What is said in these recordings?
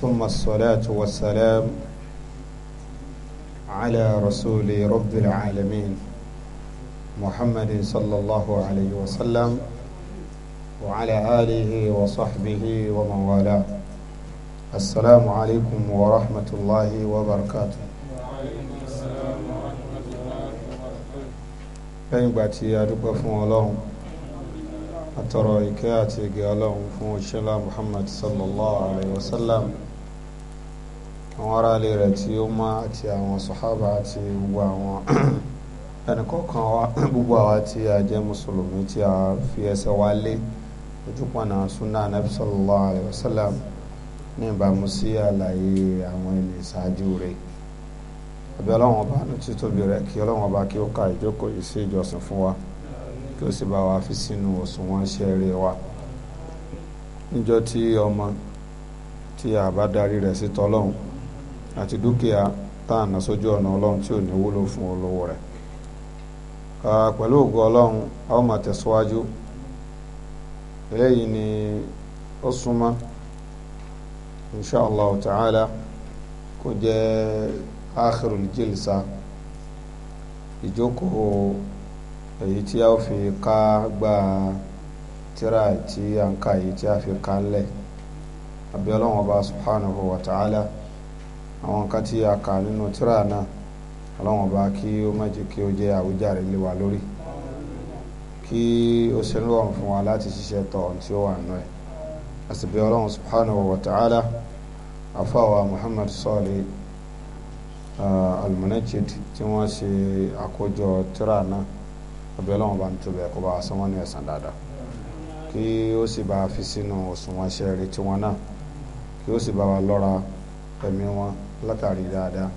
ثم الصلاة والسلام على رسول رب العالمين محمد صلى الله عليه وسلم وعلى آله وصحبه ومن والاه السلام عليكم ورحمة الله وبركاته lẹ́yìn ìgbà tí a dúpẹ́ fún ọlọ́run àtọ̀rọ̀ ìkẹ́ àti ìgẹ̀ ọlọ́run fún òṣèlú Muhammad sallallahu alayhi wa sallam àwọn ará ilé rẹ̀ tí ó mọ́ àti àwọn sàhábà àti gbogbo àwọn ẹnìkọ̀ọ̀kan wa gbogbo àwa tí a jẹ́ mùsùlùmí tí a fi ẹsẹ̀ wa lé ojúpọ̀nà súnà anábì sallallahu alayhi wa sallam ní ìbámu sí àlàyé àwọn ẹni ìṣáájú rẹ̀ àbí ọlọ́wọ́n bá ní títóbi rẹ̀ kí ọlọ́wọ́n bá kí ó ka ìjókòó yìí sí ìjọsìn fún wa kí ó sì bá wa fi sínú òṣùwọ̀n iṣẹ́ rẹ̀ wa níjọ́ tí ọmọ tí a bá darí rẹ̀ sí tọ́lọ́hún àti dúkìá tá à ná sójú ọ̀nà ọlọ́run tí ò ní wúlò fún olówó rẹ̀ pẹ̀lú ògo ọlọ́run a ó máa tẹ̀síwájú eléyìí ni ó súnmọ́ inṣàlá ta'ala kó jẹ́ akhirul jilsa ìjókòó èyí tí a ó fi ká gbà tíra tí a ń ka èyí tí a fi ká lẹ̀ àbí ọlọ́run ọba subhanahu wa ta'ala àwọn nǹkan tí a kà nínú tírà náà ọlọ́run ọba kí ó má jẹ́ kí ó jẹ́ àwíjàre lé wa lórí kí ó ṣe níwọ̀n fún wa láti ṣiṣẹ́ tọ̀ tí ó wà nù ẹ̀ àsìbí ọlọ́run subhanahu wa ta'ala afáwa muhammad sọ́ọ̀lì almunajid tí wọ́n ṣe àkójọ tírà náà ọbẹ̀ ọlọ́run ọba ń tóbi ẹ̀kọ́ bá aṣọ wọn ní ẹ̀sán dáadáa kí ó sì bá fi sínú òṣùwọ̀n ṣẹ́ẹ̀rì tiwọn náà kí ó sì bá wa lọ́ra ẹ̀mí wọn látàrí dáadáa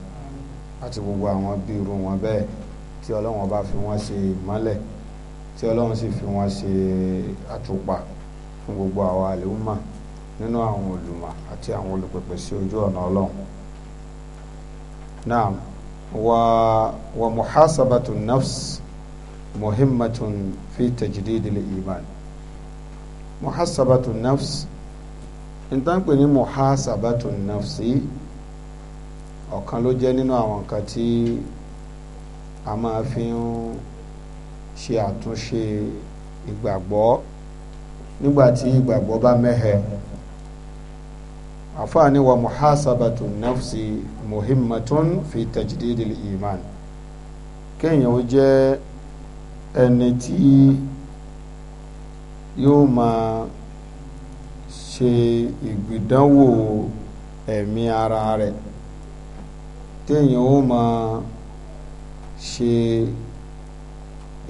àti gbogbo àwọn bí irú wọn bẹ́ẹ̀ tí ọlọ́run bá fi wọ́n ṣe ìmọ́lẹ̀ tí ọlọ́run sì fi wọ́n ṣe àtùpà fún gbogbo àwọn àlèhùnmá nínú àwọn olùmọ̀ àti àwọn olùpẹ̀pẹ̀ sí ojú ọ̀nà ọlọ́run náà wa wa muhasabatu nafs muhimmatun fi tajdid al-iman muhasabatu nafs n tán pè ní muhasabatu nafsi ọ̀kan ló jẹ́ nínú àwọn nǹkan tí a máa fi ń ṣe àtúnṣe ìgbàgbọ́ nígbàtí ìgbàgbọ́ bá mẹ́hẹ àfáàní wa muhasabatu nafsi muhimmatun fi tajdidil iman kéèyàn ó jẹ́ ẹni tí yóò máa ṣe ìgbìdánwò ẹ̀mí ara rẹ̀ téèyàn ó máa ṣe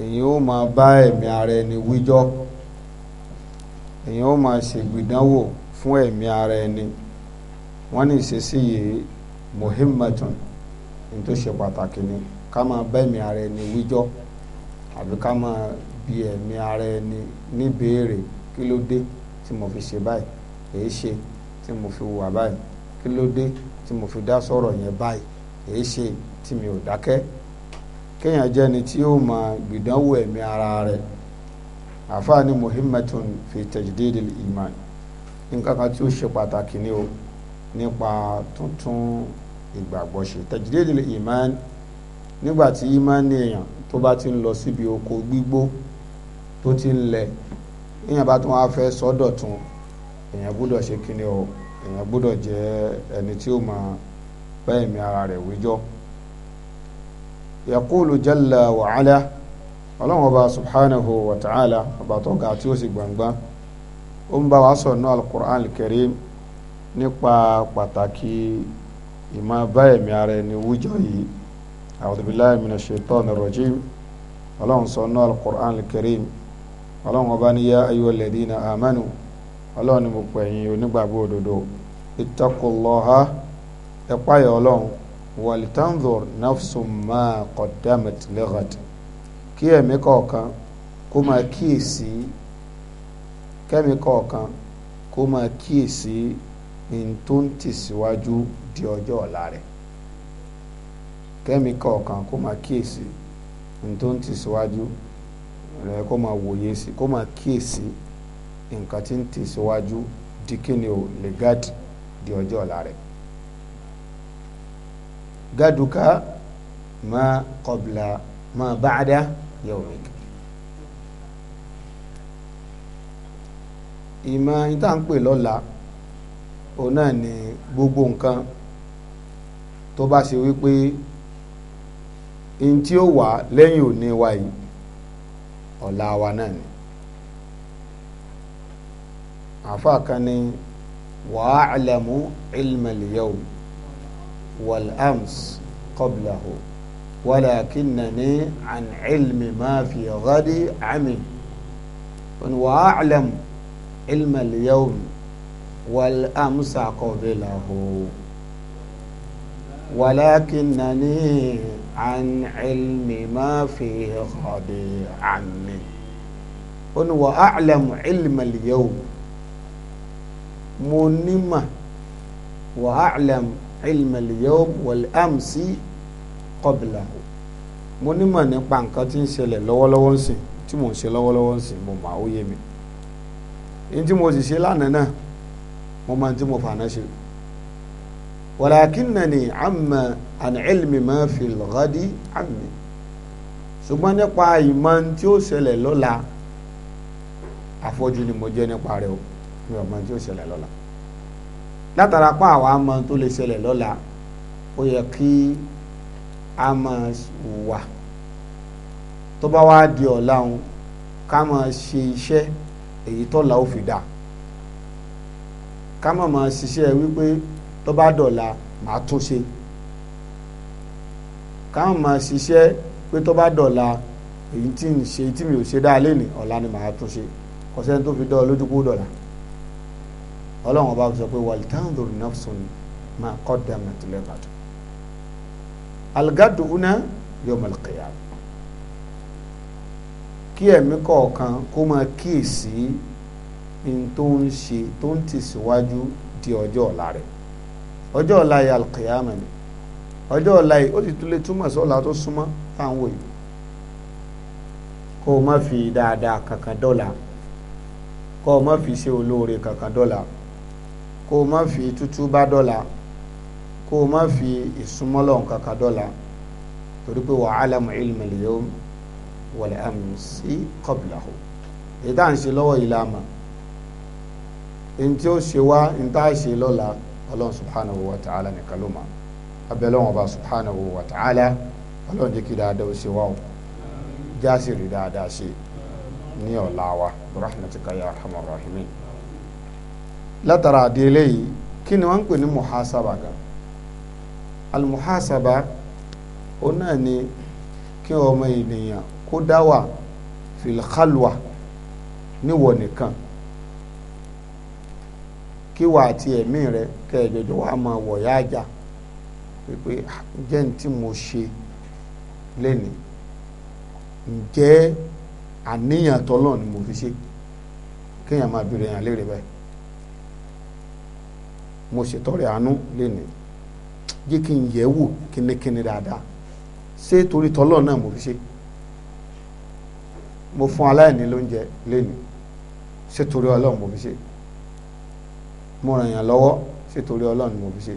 èyàn ó máa bá ẹ̀mí ara ẹni wíjọ́ èyàn ó máa ṣègbìdánwò fún ẹ̀mí ara ẹni wọ́n ní ìṣesí yìí muhimmatun ní tó ṣe pàtàkì ni ká máa bá ẹ̀mí ara ẹni wíjọ́ àbí ká máa bi ẹ̀mí ara ẹni níbéèrè kí ló dé tí mo fi ṣe báyìí èé ṣe tí mo fi wà báyìí kí ló dé tí mo fi dá sọ̀rọ̀ yẹn báyìí èyí ṣe tí mi ò dákẹ́ kéèyàn jẹ́ ni tí ó mọ gbìdánwò ẹ̀mí ara rẹ̀ àfáà ní muhimmatun fi tajdid al-iman nǹkan kan tí ó ṣe pàtàkì ni o nípa tuntun ìgbàgbọ́ ṣe tajdid al-iman nígbà tí ìmánì èèyàn tó bá ti ń lọ síbi oko gbígbó tó ti ń lẹ̀ èèyàn bá tún wá fẹ́ sọ́dọ̀tun èèyàn gbọ́dọ̀ ṣe kíni o èèyàn gbọ́dọ̀ jẹ́ ẹni tí ó máa báyìí mi ara rẹ̀ wíjọ́ yaqulu jalla wa ala ọlọ́run ọba subhanahu wa ta'ala ọba tó ga tí ó sì gbangba ó ń bá wa sọ̀rọ̀ ní alukur'an karim nípa pàtàkì ìmọ̀ báyìí mi ara ẹni wíjọ́ yìí a'udhu billahi minash shaitanir rajim ọlọ́run sọ ní alukur'an karim ọlọ́run ọba ní yá ayyuhal ladina amanu ọlọ́run ni mo pẹ̀yìn onígbàgbọ́ òdodo ittaqullaha ẹ̀páyà ọlọ́run wàlítàǹdùr nafsùn máa kọ̀dámẹ̀t lẹ́gàt kí ẹ̀mí kọ̀ọ̀kan kó máa kíyèsí kẹ́mi kọ̀ọ̀kan kó máa kíyèsí ní tó ń tẹ̀síwájú di ọjọ́ ọ̀la rẹ̀ kẹ́mi kọ̀ọ̀kan kó máa kíyèsí ní tó ń tẹ̀síwájú rẹ̀ kó máa wòye sí kó máa kíyèsí nǹkan tí ń tẹ̀síwájú di kíni o lè gáàdì di ọjọ́ ọ̀la rẹ̀ gaduka ma qabla ma ba'da yawmik ìmọ̀ ìta ń pè lọ́la òun náà ni gbogbo nǹkan tó bá ṣe wípé in tí ó wà lẹ́yìn òní wa yìí ọ̀la wa náà ni àfa kan ni wa'alamu ilmal yawm والأمس قبله ولكنني عن علم ما في غد عمي وأعلم علم اليوم والأمس قبله ولكنني عن علم ما في غد عمي وأعلم علم اليوم mo وأعلم ilma al-yawm wal-amsi qablahu mo nímọ̀ nípa nǹkan tí ń ṣẹlẹ̀ lọ́wọ́lọ́wọ́ ń sìn tí mò ń ṣe lọ́wọ́lọ́wọ́ ń sìn mo mà ó yé mi ní tí mo sì ṣe lánàá náà mo máa ń tí mo fàánà ṣe walakinnani amma an ilmi ma fil ghadi ammi ṣùgbọ́n nípa ìmọ̀ tí ó ṣẹlẹ̀ lọ́la àfọ́jú ni mo jẹ́ nípa rẹ̀ o mi ò mọ̀ tí ó ṣẹlẹ̀ lọ́la látara pa àwa mọ tó lè ṣẹlẹ̀ lọ́la ó yẹ kí a mọ wà tó bá wá di ọ̀la òun ká mọ ṣe iṣẹ́ èyí tó la ó fi dà ká mọ̀ mọ̀ ṣiṣẹ́ wípé tó bá dọ̀la màá tún ṣe ká mọ̀ mọ̀ ṣiṣẹ́ pé tó bá dọ̀la èyí tí mi ò ṣe dáa lénìí ọ̀la ni màá tún ṣe kò tó fi dọ́ ọ dọ̀la ọlọ́run ọba sọ pé wàlítàndùn nafsun máa kọ́ dàmà tilẹ̀ bàtà algadu una yawmal qiyam kí ẹ̀mí kọ̀ọ̀kan kó máa kíyèsí ní tó ń ṣe tó ń tẹ̀síwájú di ọjọ́ ọ̀la rẹ̀ ọjọ́ ọ̀la yẹ alqiyama ni ọjọ́ ọ̀la yìí ó sì tún lè túmọ̀ sí ọ̀la tó súnmọ́ táwọn wò kó o má fi dáadáa kankan dọ́là kó o má fi ṣe olóore kankan dọ́là kó o má fi tútú bá dọ́là kó o má fi ìsúnmọ́lọ̀ kankan dọ́là torí pé wa alamu ilmi al-yawm wal amsi qablahu èyí tá à ń ṣe lọ́wọ́ yìí láàmà èyí tí ó ṣe wá èyí tá à subhanahu wa ta'ala nìkan ló máa abẹ́lẹ́wọ̀n subhanahu wa ta'ala ọlọ́run jẹ́ kí dáadáa ó ṣe o jáàsì rí dáadáa ṣe ní ọ̀la wa rahmatika arhamar rahimin látara àdìrẹ yìí kí ni wọ́n ń pè ní muhasaba gan almuhasaba ó náà ni kí ọmọ ènìyàn kó dá wà filkhalwa níwọ nìkan kí wà àti ẹ̀mí rẹ kẹjọjọ wà máa wọ̀ yá àjà wípé ǹjẹ́ ní tí mo ṣe lẹ́ni ǹjẹ́ àníyàn tọ́lọ́ ni mo fi ṣe kéèyàn máa bèrè yàn léèrè báyìí mo ṣètọrẹ àánú lénìí jẹ́ kí n yẹ̀ wò kínníkínní dáadáa ṣé torí tọ́lọ́ náà mo fi ṣe mo fún aláìní lóúnjẹ lénìí ṣé torí ọlọ́run mo fi ṣe mo ràn yàn lọ́wọ́ ṣé torí ọlọ́run mo fi ṣe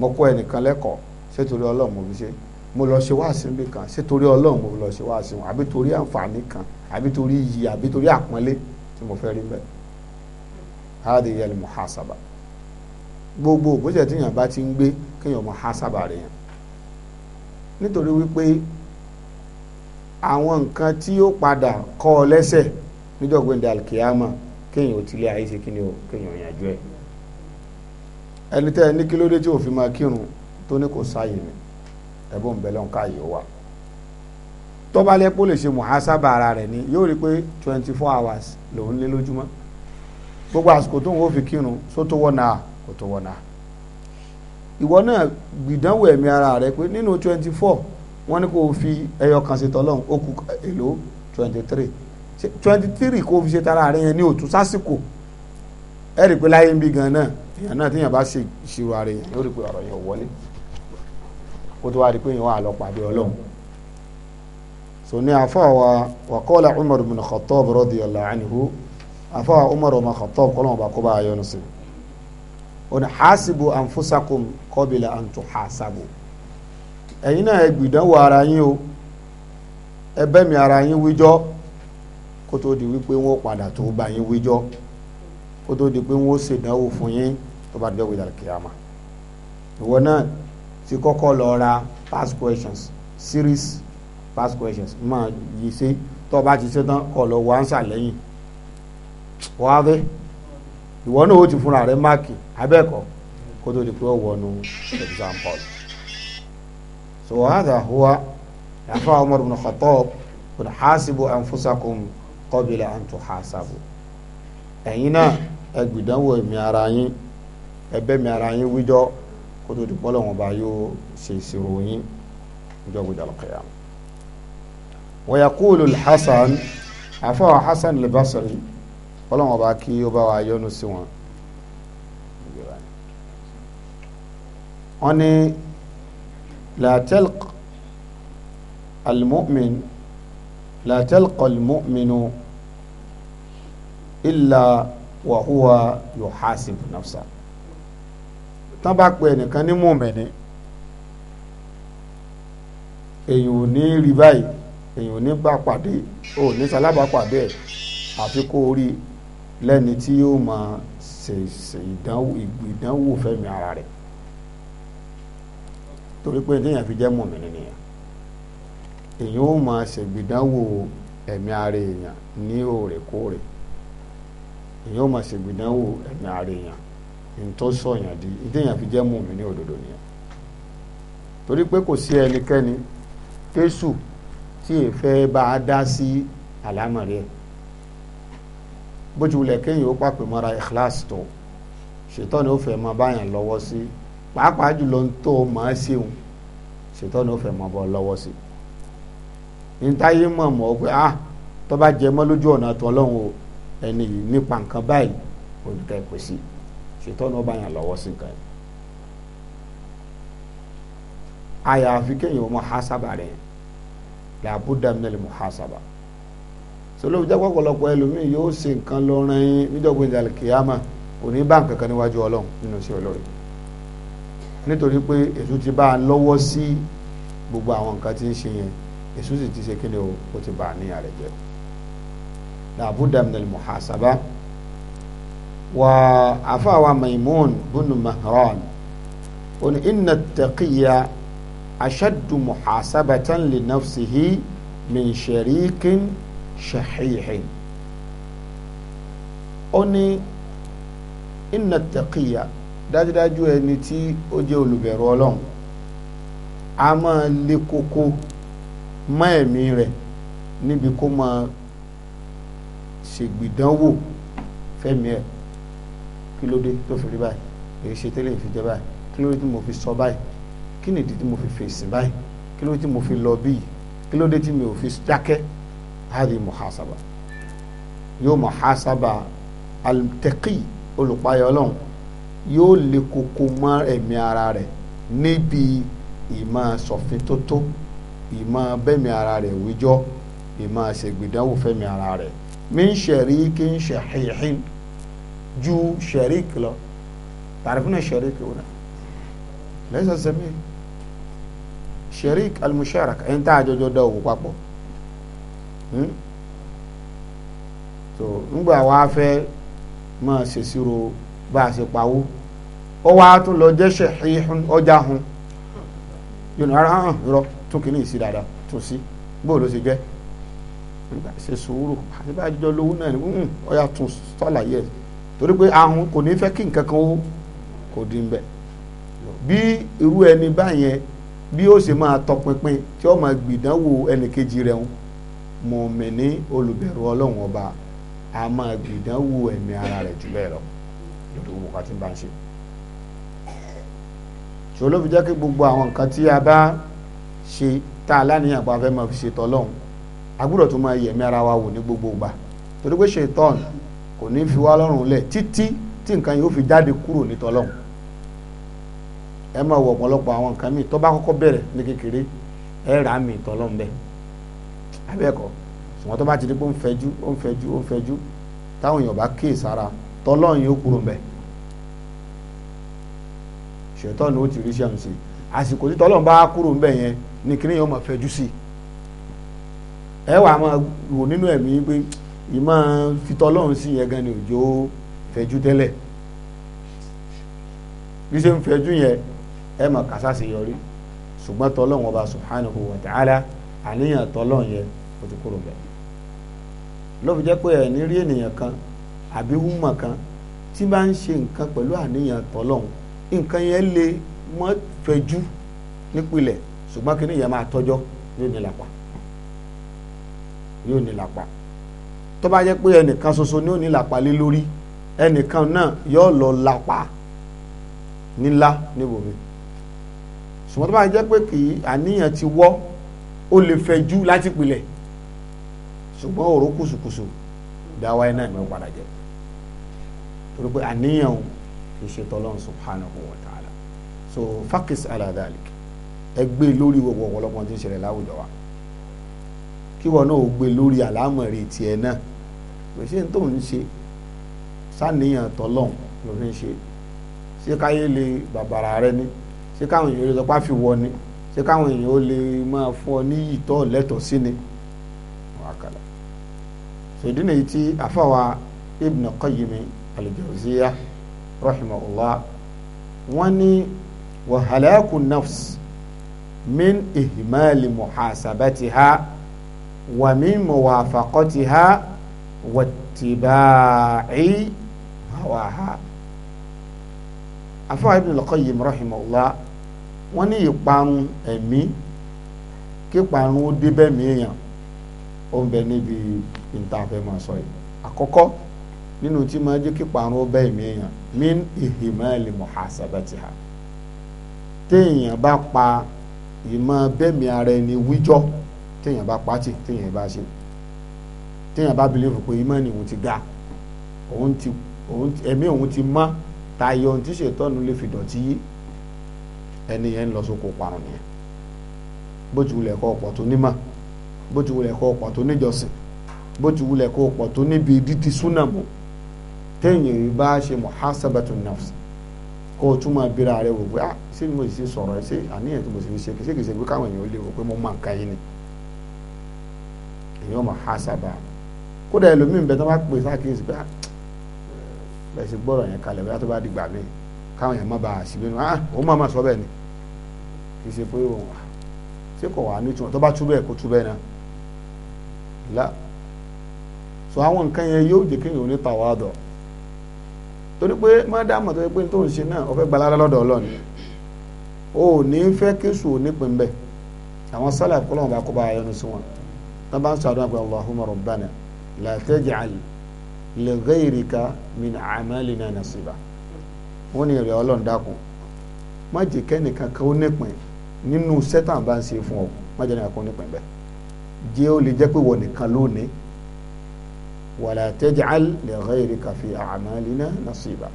mo kọ́ ẹnìkan lẹ́kọ̀ọ́ ṣé torí ọlọ́run mo fi ṣe mo lọ ṣe wáàsí níbi kan ṣé torí ọlọ́run mo lọ ṣe wáàsí wọn àbí torí àǹfààní kan àbí torí iyì àbí torí àpọ́nlé tí mo fẹ́ rí bẹ́ẹ̀ hádìí yẹlẹ muhasaba gbogbo ògbésẹ̀ tí èèyàn bá ti ń gbé kéèyàn mọ̀ há sábà rẹ̀ yàn nítorí wípé àwọn nǹkan tí ó padà kọ́ ọ lẹ́sẹ̀ nídọ̀gbẹ́ndẹ́ alkiyama kéèyàn ò tilẹ̀ ayé ṣe kíni o kéèyàn yànjú ẹ̀ ẹni tẹ́ ẹ ní kí ló dé tí ò fi máa kírun tó ní kò sáàyè mi ẹ̀bùn ń bẹ lọ́n wà tó bá lè ṣe mùhásábà ara rẹ̀ ni yóò rí pé twenty four hours lòún lé lójúmọ́ gbogbo àsìkò tóun ó fi kírun sótó wọ́n náà kó tó wọ́n náà ìwọ náà gbìdánwò ẹ̀mí ara rẹ pé nínú twenty four wọ́n ní kó o fi ẹyọ kan ṣe tọ́lọ́hún ó kù èlò twenty three twenty three kó o fi ṣe tara rẹ yẹn ní òtún sásìkò ẹ rí i pé láyé ń bí gan náà èèyàn náà téèyàn bá ṣe ìṣirò ara yẹn lórí pé ọ̀rọ̀ yẹn wọlé kó tó wá rí i pé èèyàn wà lọ pàdé ọlọ́run so ní àfọwà wàkọ́lá Umar bin Khattab radiyallahu anhu àfọwà Umar bin Khattab kọ́lọ́mọba kó bá a yọnu sí i ọ̀nà hasibu anfusakum kọ́bìlà àǹtò hasabu ẹ̀yin náà ẹ gbìdánwò ara yín o ẹ bẹ́mi ara yín wíjọ́ kó tó di wípé wọ́n padà tó bá yín wíjọ́ kó tó di pé wọ́n ṣèdánwò fún yín tó bá dẹ́wò ìdàlẹ̀ kìyàmà ìwọ náà ti kọ́kọ́ lọ ra past questions series past questions máa yí sí tó bá ti ṣe tán kọ́ lọ wọ́n answer lẹ́yìn wọ́n á ìwọ náà ó ti fúnra rẹ máàkì abẹ́ẹ̀kọ́ kó tó di pé ó wọnú example so hadha huwa afa Umar ibn Khattab kun hasibu anfusakum qabla an tuhasabu ẹ̀yin náà ẹ gbìdánwò ẹ̀mí ara yín ẹbẹ́ mi ara yín wíjọ́ kó tó di pọ́lọ́ wọn bá yóò ṣe ìṣirò yín ìjọ gbọdọ̀ lọ́kẹ́yà wa yaqulu al-Hasan afa Hasan al-Basri kọ́lọ́wọ́n bá kí ó bá wa yọ́nú sí wọn wọ́n ní látẹ́lk almu'min látẹ́lk almu'minu illa wa huwa yuhasib nafsa tán bá pe ẹnìkan ní mùmẹ́ni èyàn ò ní rí báyìí èyàn ò ní bá pàdé ò ní sálábà pàdé ẹ̀ àfi lẹ́ni tí yóò máa ṣe ìdánwò fẹ́mi ara rẹ̀ torí pé téèyàn fi jẹ́ mọ̀mìnì nìyẹn èyàn ó máa ṣègbìdánwò ẹ̀mí ara èèyàn ní òrèkóòrè èyàn ó máa ṣègbìdánwò ẹ̀mí ara èèyàn ntọ́ sọ̀yàn di téèyàn fi jẹ́ mọ̀mìnì òdodo nìyẹn torí pé kò sí ẹnikẹ́ni tẹ́sù tí èèfẹ́ bá a dá sí àlámọ̀rí ẹ̀ bójú wulẹ̀ kéèyàn ó pàpè mọ́ra ikhlas tó ṣètọ́ni ó fẹ́ mọ báyàn lọ́wọ́ sí pàápàá jùlọ ń tó màá ṣeun ṣètọ́ni ó fẹ́ mọ bọ́ lọ́wọ́ sí ntáyé mọ̀ mọ́ pé ah tó bá jẹ mọ́ lójú ọ̀nà tó ọlọ́run o ẹni yìí nípa nǹkan báyìí olùkẹ́ pè sí ṣètọ́ni ó báyàn lọ́wọ́ sí nǹkan àyàfi kéèyàn ó mọ rẹ̀ làbúdà mílẹ̀ mọ hásábà sọlọ́wọ́ jẹ́ pọ̀pọ̀lọpọ̀ ẹlòmíì yóò ṣe nǹkan lọ rẹ́yìn níjọ́gbìn ìdàlẹ̀ kìyàmà kò ní bá nǹkan kan níwájú ọlọ́run nínú iṣẹ́ olóore nítorí pé èṣù ti bá a lọ́wọ́ sí gbogbo àwọn nǹkan tí ń ṣe yẹn èṣù sì ti ṣe kí ni o ó ti bá a ní àrẹ jẹ làbúdà minal muhasaba wà àfàwà maimun bunu mahran òní inna taqiya ashaddu muhasabatan li nafsihi min sharikin shahihin ó ní inna taqiya dájúdájú ẹni tí ó jẹ́ olùbẹ̀rù ọlọ́run a máa lé koko mọ́ ẹ̀mí rẹ̀ níbi kó máa ṣègbìdánwò fẹ́mi ẹ̀ kí ló dé tó fi rí báyìí èyí ṣe tẹ́lẹ̀ fi báyìí kí ló dé tí mo fi sọ báyìí kí nìdí tí mo fi fèsì báyìí kí ló dé tí mo fi lọ bíyìí kí ló dé tí mi ò fi dákẹ́ هذه محاسبة. يوم muhasaba al-taqi olùpayọ Ọlọ́run yóò lè koko mọ ẹ̀mí ara rẹ̀ níbi ìmọ̀ sọ̀fin tó tó ìmọ̀ bẹ́mi ara rẹ̀ wíjọ́ ìmọ̀ ṣègbìdánwò fẹ́mi ara rẹ̀ min ṣẹ̀ríkì ń ṣẹ̀hìhìn ju ṣẹ̀ríkì lọ tàrífínà ṣẹ̀ríkì wọn lẹ́sẹ̀ sẹ́mi ṣẹ̀ríkì al ẹni tá a jọjọ dá òwò papọ̀ Hmm? so ńgbà wa fẹ́ máa ṣèṣirò bá a ṣe pawó ó wá tún lọ jẹ́ ṣèṣì ọjà hun yóò rárá hàn rọ tún kìíní sí dáadáa tún sí bóò ló ṣe jẹ́ nígbà ṣe sùúrù àti bá jọ lówó náà ni ọyà hmm, tún sọ́làyé ẹ̀ torí pé ahun kò ní fẹ́ kí nǹkan kan ó kò dín ń bẹ̀ bí irú ẹni báyẹn bí ó ṣe máa tọpinpin tí ó máa gbìdánwò ẹnìkejì rẹ̀ ń mùmíní olùbẹ̀rù ọlọ́run ọba a máa gbìdánwò ẹ̀mí ara rẹ̀ jù bẹ́ẹ̀ lọ lórí gbogbo àti bá ń ṣe ṣòro ló fi jẹ́ kí gbogbo àwọn nǹkan tí a bá ṣe tá a láníyàn pa fẹ́ máa fi ṣe tọ́lọ́run a gbúdọ̀ tó máa yẹ̀mí ara wa wò ní gbogbo ìgbà torí pé ṣètọ́n kò ní fi wá lọ́rùn lẹ̀ títí tí nǹkan yóò fi jáde kúrò ní tọ́lọ́run ẹ máa wọ ọ̀pọ̀lọpọ̀ àwọn nǹkan míì tó bá kọ́kọ́ bẹ̀rẹ̀ ní kékeré ẹ rà á mì tọ́lọ́run bẹ́ẹ̀ abẹ́ẹ̀kọ́ ṣùgbọ́n tó bá ti di pé ó ń fẹjú ó ń fẹjú ó ń fẹjú táwọn èèyàn bá kíyè sára tọ́lọ́run yóò kúrò mbẹ́ ṣètọ́ ni ó ti rí sẹ́yìn sí àsìkò tí tọ́lọ́run bá kúrò mbẹ́ yẹn ni kíní yóò máa fẹjú sí ẹ wàá máa wò nínú ẹ̀mí pé ìmọ̀ fitọ́lọ́run sí yẹn gan ni òjò fẹjú tẹ́lẹ̀ bí ṣe ń fẹjú yẹn ẹ mọ̀ kásá sí yọrí ṣùgbọ́n tọ́lọ́run ọba subhanahu wa ta'ala àníyàn tọ́lọ̀ yẹn ó ti kúrò bẹ́ẹ̀ ló fi jẹ́ pé ẹ̀ ní rí ènìyàn kan àbí húmọ̀ kan tí bá ń ṣe nǹkan pẹ̀lú àníyàn tọ́lọ̀ nǹkan yẹn lè mọ́ fẹjú nípìnlẹ̀ ṣùgbọ́n kí nìyẹn máa tọ́jọ́ yóò ní lápá yóò ní lápá tó bá jẹ́ pé ẹnìkan ṣoṣo ni ó ní lápá lé lórí ẹnìkan náà yóò lọ lápá nílá níbòmí ṣùgbọ́n tó bá jẹ́ pé kì í àníyàn ti wọ́ ó lè fẹjú láti pilẹ̀ ṣùgbọ́n òró kùsùkùsù dáwà iná ìmọ̀ padà jẹ́ torí pé àníyàn o kì í ṣe tọ́lọ́run subhanahu wa ta'ala so fakis ala dhalik ẹ gbé lórí gbogbo ọ̀pọ̀lọpọ̀ tí ń ṣẹlẹ̀ láwùjọ wa kí wọn náà ó gbé lórí àlámọ̀rí tiẹ̀ náà pèsè tó ń ṣe sàníyàn tọ́lọ́run ló fi ń ṣe ṣé káyé lè bàbàrà rẹ ni ṣé káwọn èèyàn lè sọ pé wọ ni ṣé káwọn èèyàn ó lè máa fún ọ ní ìtọ́ lẹ́tọ̀ọ́ sí ni wàkàlà ṣèdí nìyí tí àfàwà Ibn Qayyim al-Jawziyya rahimahullah wọ́n ní wa halaku nafs min ihmali muhasabatiha wa min muwafaqatiha wa tiba'i hawaha àfàwà Ibn Qayyim rahimahullah wọ́n ní ìparun ẹ̀mí kíparun ó débẹ̀mí èèyàn ó ń bẹ níbi ìtafẹ́ máa sọ yìí àkọ́kọ́ nínú tí máa jẹ́ kíparun ó bẹ́ẹ̀mí èèyàn min ihimali muhasabatiha téèyàn bá pa ìmọ̀ bẹ́ẹ̀mí ara ẹni wíjọ́ téèyàn bá pàtì téèyàn bá ṣe téèyàn bá bìlẹ̀ pé ìmọ̀ ni òun ti ga òun ti ẹ̀mí òun ti mọ́ tayọ ohun tí ṣètọ́nu lè fi dọ̀tí yìí ẹni yẹn ń lọ sóko parun nìyẹn bójú wulẹ̀ kọ́ ọ̀pọ̀ tó nímọ̀ bójú wulẹ̀ kọ́ ọ̀pọ̀ tó níjọsìn bójú wulẹ̀ kọ́ ọ̀pọ̀ tó níbi dídí súnàmù téèyàn bá ṣe muhasabatu nafs kó o túmọ̀ abira rẹ wò pé ah ṣé mo ṣe sọ̀rọ̀ ṣé àníyàn tó mo ṣe fi ṣe kìí ṣe kìí ṣe pé káwọn èèyàn lè wò pé mo máa ń ka yín ni èèyàn muhasaba kódà ẹlòmíín bẹ tó bá pè sáà kìí ṣe pé ah bẹ́ẹ̀ ṣe gbọ́rọ̀ yẹn kalẹ̀ bóyá tó bá dìgbà míì káwọn yẹn má bàa síbínú ah òun máa ma sọ bẹ́ẹ̀ ni kì í ṣe pé òun wà ṣé kò wà nítumọ̀ tó bá tú bẹ́ẹ̀ kó tú bẹ́ẹ̀ náà la so àwọn nǹkan yẹn yóò jẹ́ kéèyàn ní tàwádọ̀ torí pé mádàmù tó yẹ pé tó ń ṣe náà ó fẹ́ gbalára lọ́dọ̀ ọlọ́ni o ò ní fẹ́ kéṣù ò nípìn bẹ́ẹ̀ àwọn sálà kọ́lọ́n bá kó bá ayọ́nu sí wọn tó bá ń sọ àdúrà pé allahumma rabbana la taj'al li ghayrika min amalina nasiba wọ́n ní ìrẹ̀ ọlọ́run dákun má jẹ́ kẹ́nìkan kan ó nípìn nínú sẹ́tàn bá ń ṣe fún ọ má jẹ́ nìkan kan ó nípìn bẹ́ẹ̀ jẹ́ ó lè jẹ́ pé wọ́n nìkan lónìí wàlá taj'al li ghayrika fi a'malina nasiba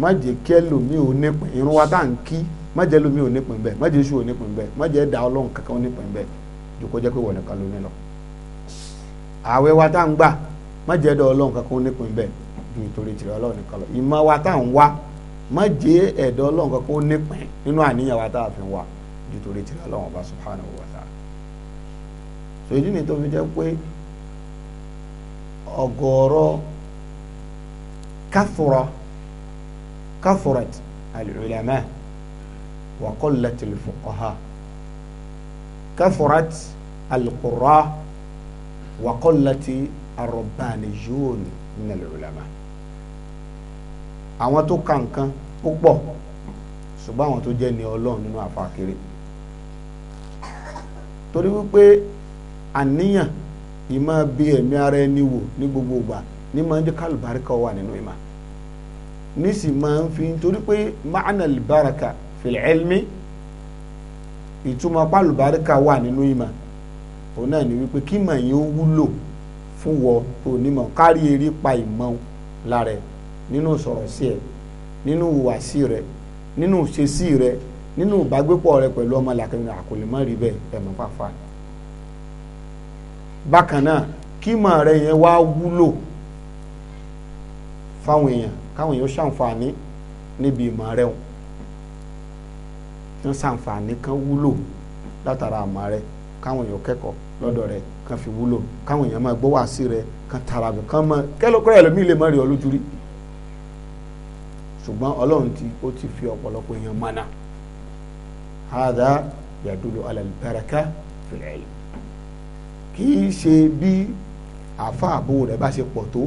má jẹ́ kẹ́lòmí ò nípìn irun wa tá à ń kí má jẹ́ lómi ò nípìn bẹ́ẹ̀ má jẹ́ iṣu ò nípìn bẹ́ẹ̀ má jẹ́ da ọlọ́run kankan ó nípìn bẹ́ẹ̀ jòkó jẹ́ pé wọ́n nìkan lónìí lọ ààwẹ̀ wa tá à ń gbà má jẹ́ da ọlọ́run kankan ó nípìn bẹ́ẹ̀ ju ìtòrí tìrẹ Ọlọ́run nìkan lọ ìmọ̀ wa tá à ń wá má jẹ́ ẹ̀dọ́ Ọlọ́run kan kó nípìn nínú àníyàn wa tá a fi wà ju ìtòrí tìrẹ Ọlọ́run ọba subhanahu wa ta'ala so ìdí ni tó fi jẹ́ pé ọ̀gọ̀rọ̀ kathura kathurat al-ulama wa qullat al-fuqaha kathurat al-qurra wa qullat ar-rabbaniyun min àwọn tó ka nǹkan ó pọ̀ ṣùgbọ́n àwọn tó jẹ́ ni ọlọ́run nínú àfa kéré torí wípé àníyàn ìmọ̀ bí ẹ̀mí ara ẹni wò ní gbogbo ìgbà ní máa ń jẹ́ kálùbáríkà wà nínú ìmọ̀ nísì máa ń fi torí pé ma'na al-baraka fil ilmi ìtumọ̀ kálùbáríkà wà nínú ìmọ̀ òun náà ni wípé kí mọ̀ yín ó wúlò fún wọ onímọ̀ kárí eré pa ìmọ̀ lára ẹ̀ nínú sọ̀rọ̀ sí ẹ nínú ìhùwàsí rẹ nínú ìṣesí rẹ nínú ìbágbépọ̀ rẹ pẹ̀lú ọmọ làkànnì àkòlèmọ́ rí bẹ́ẹ̀ ẹ̀ mọ́ fàáfà. bákan náà kí mọ̀ rẹ yẹn wá wúlò fáwọn èèyàn káwọn èèyàn ṣàǹfààní níbi ìmọ̀ rẹ wọn wọ́n ṣàǹfààní kan wúlò látara àmọ́ rẹ káwọn èèyàn kẹ́kọ̀ọ́ lọ́dọ̀ rẹ kan fi wúlò káwọn èèyàn máa gbọ́ wàásì rẹ kan tara kan mọ kẹ́lọ́kọ́ ẹ̀ lómi lè mọ̀ rí ọ lójú ṣùgbọ́n ọlọ́run ti ó ti fi ọ̀pọ̀lọpọ̀ èèyàn mọ́nà hada yadulu alal baraka fil ilm kì í ṣe bí àfáàbò rẹ̀ bá ṣe pọ̀ tó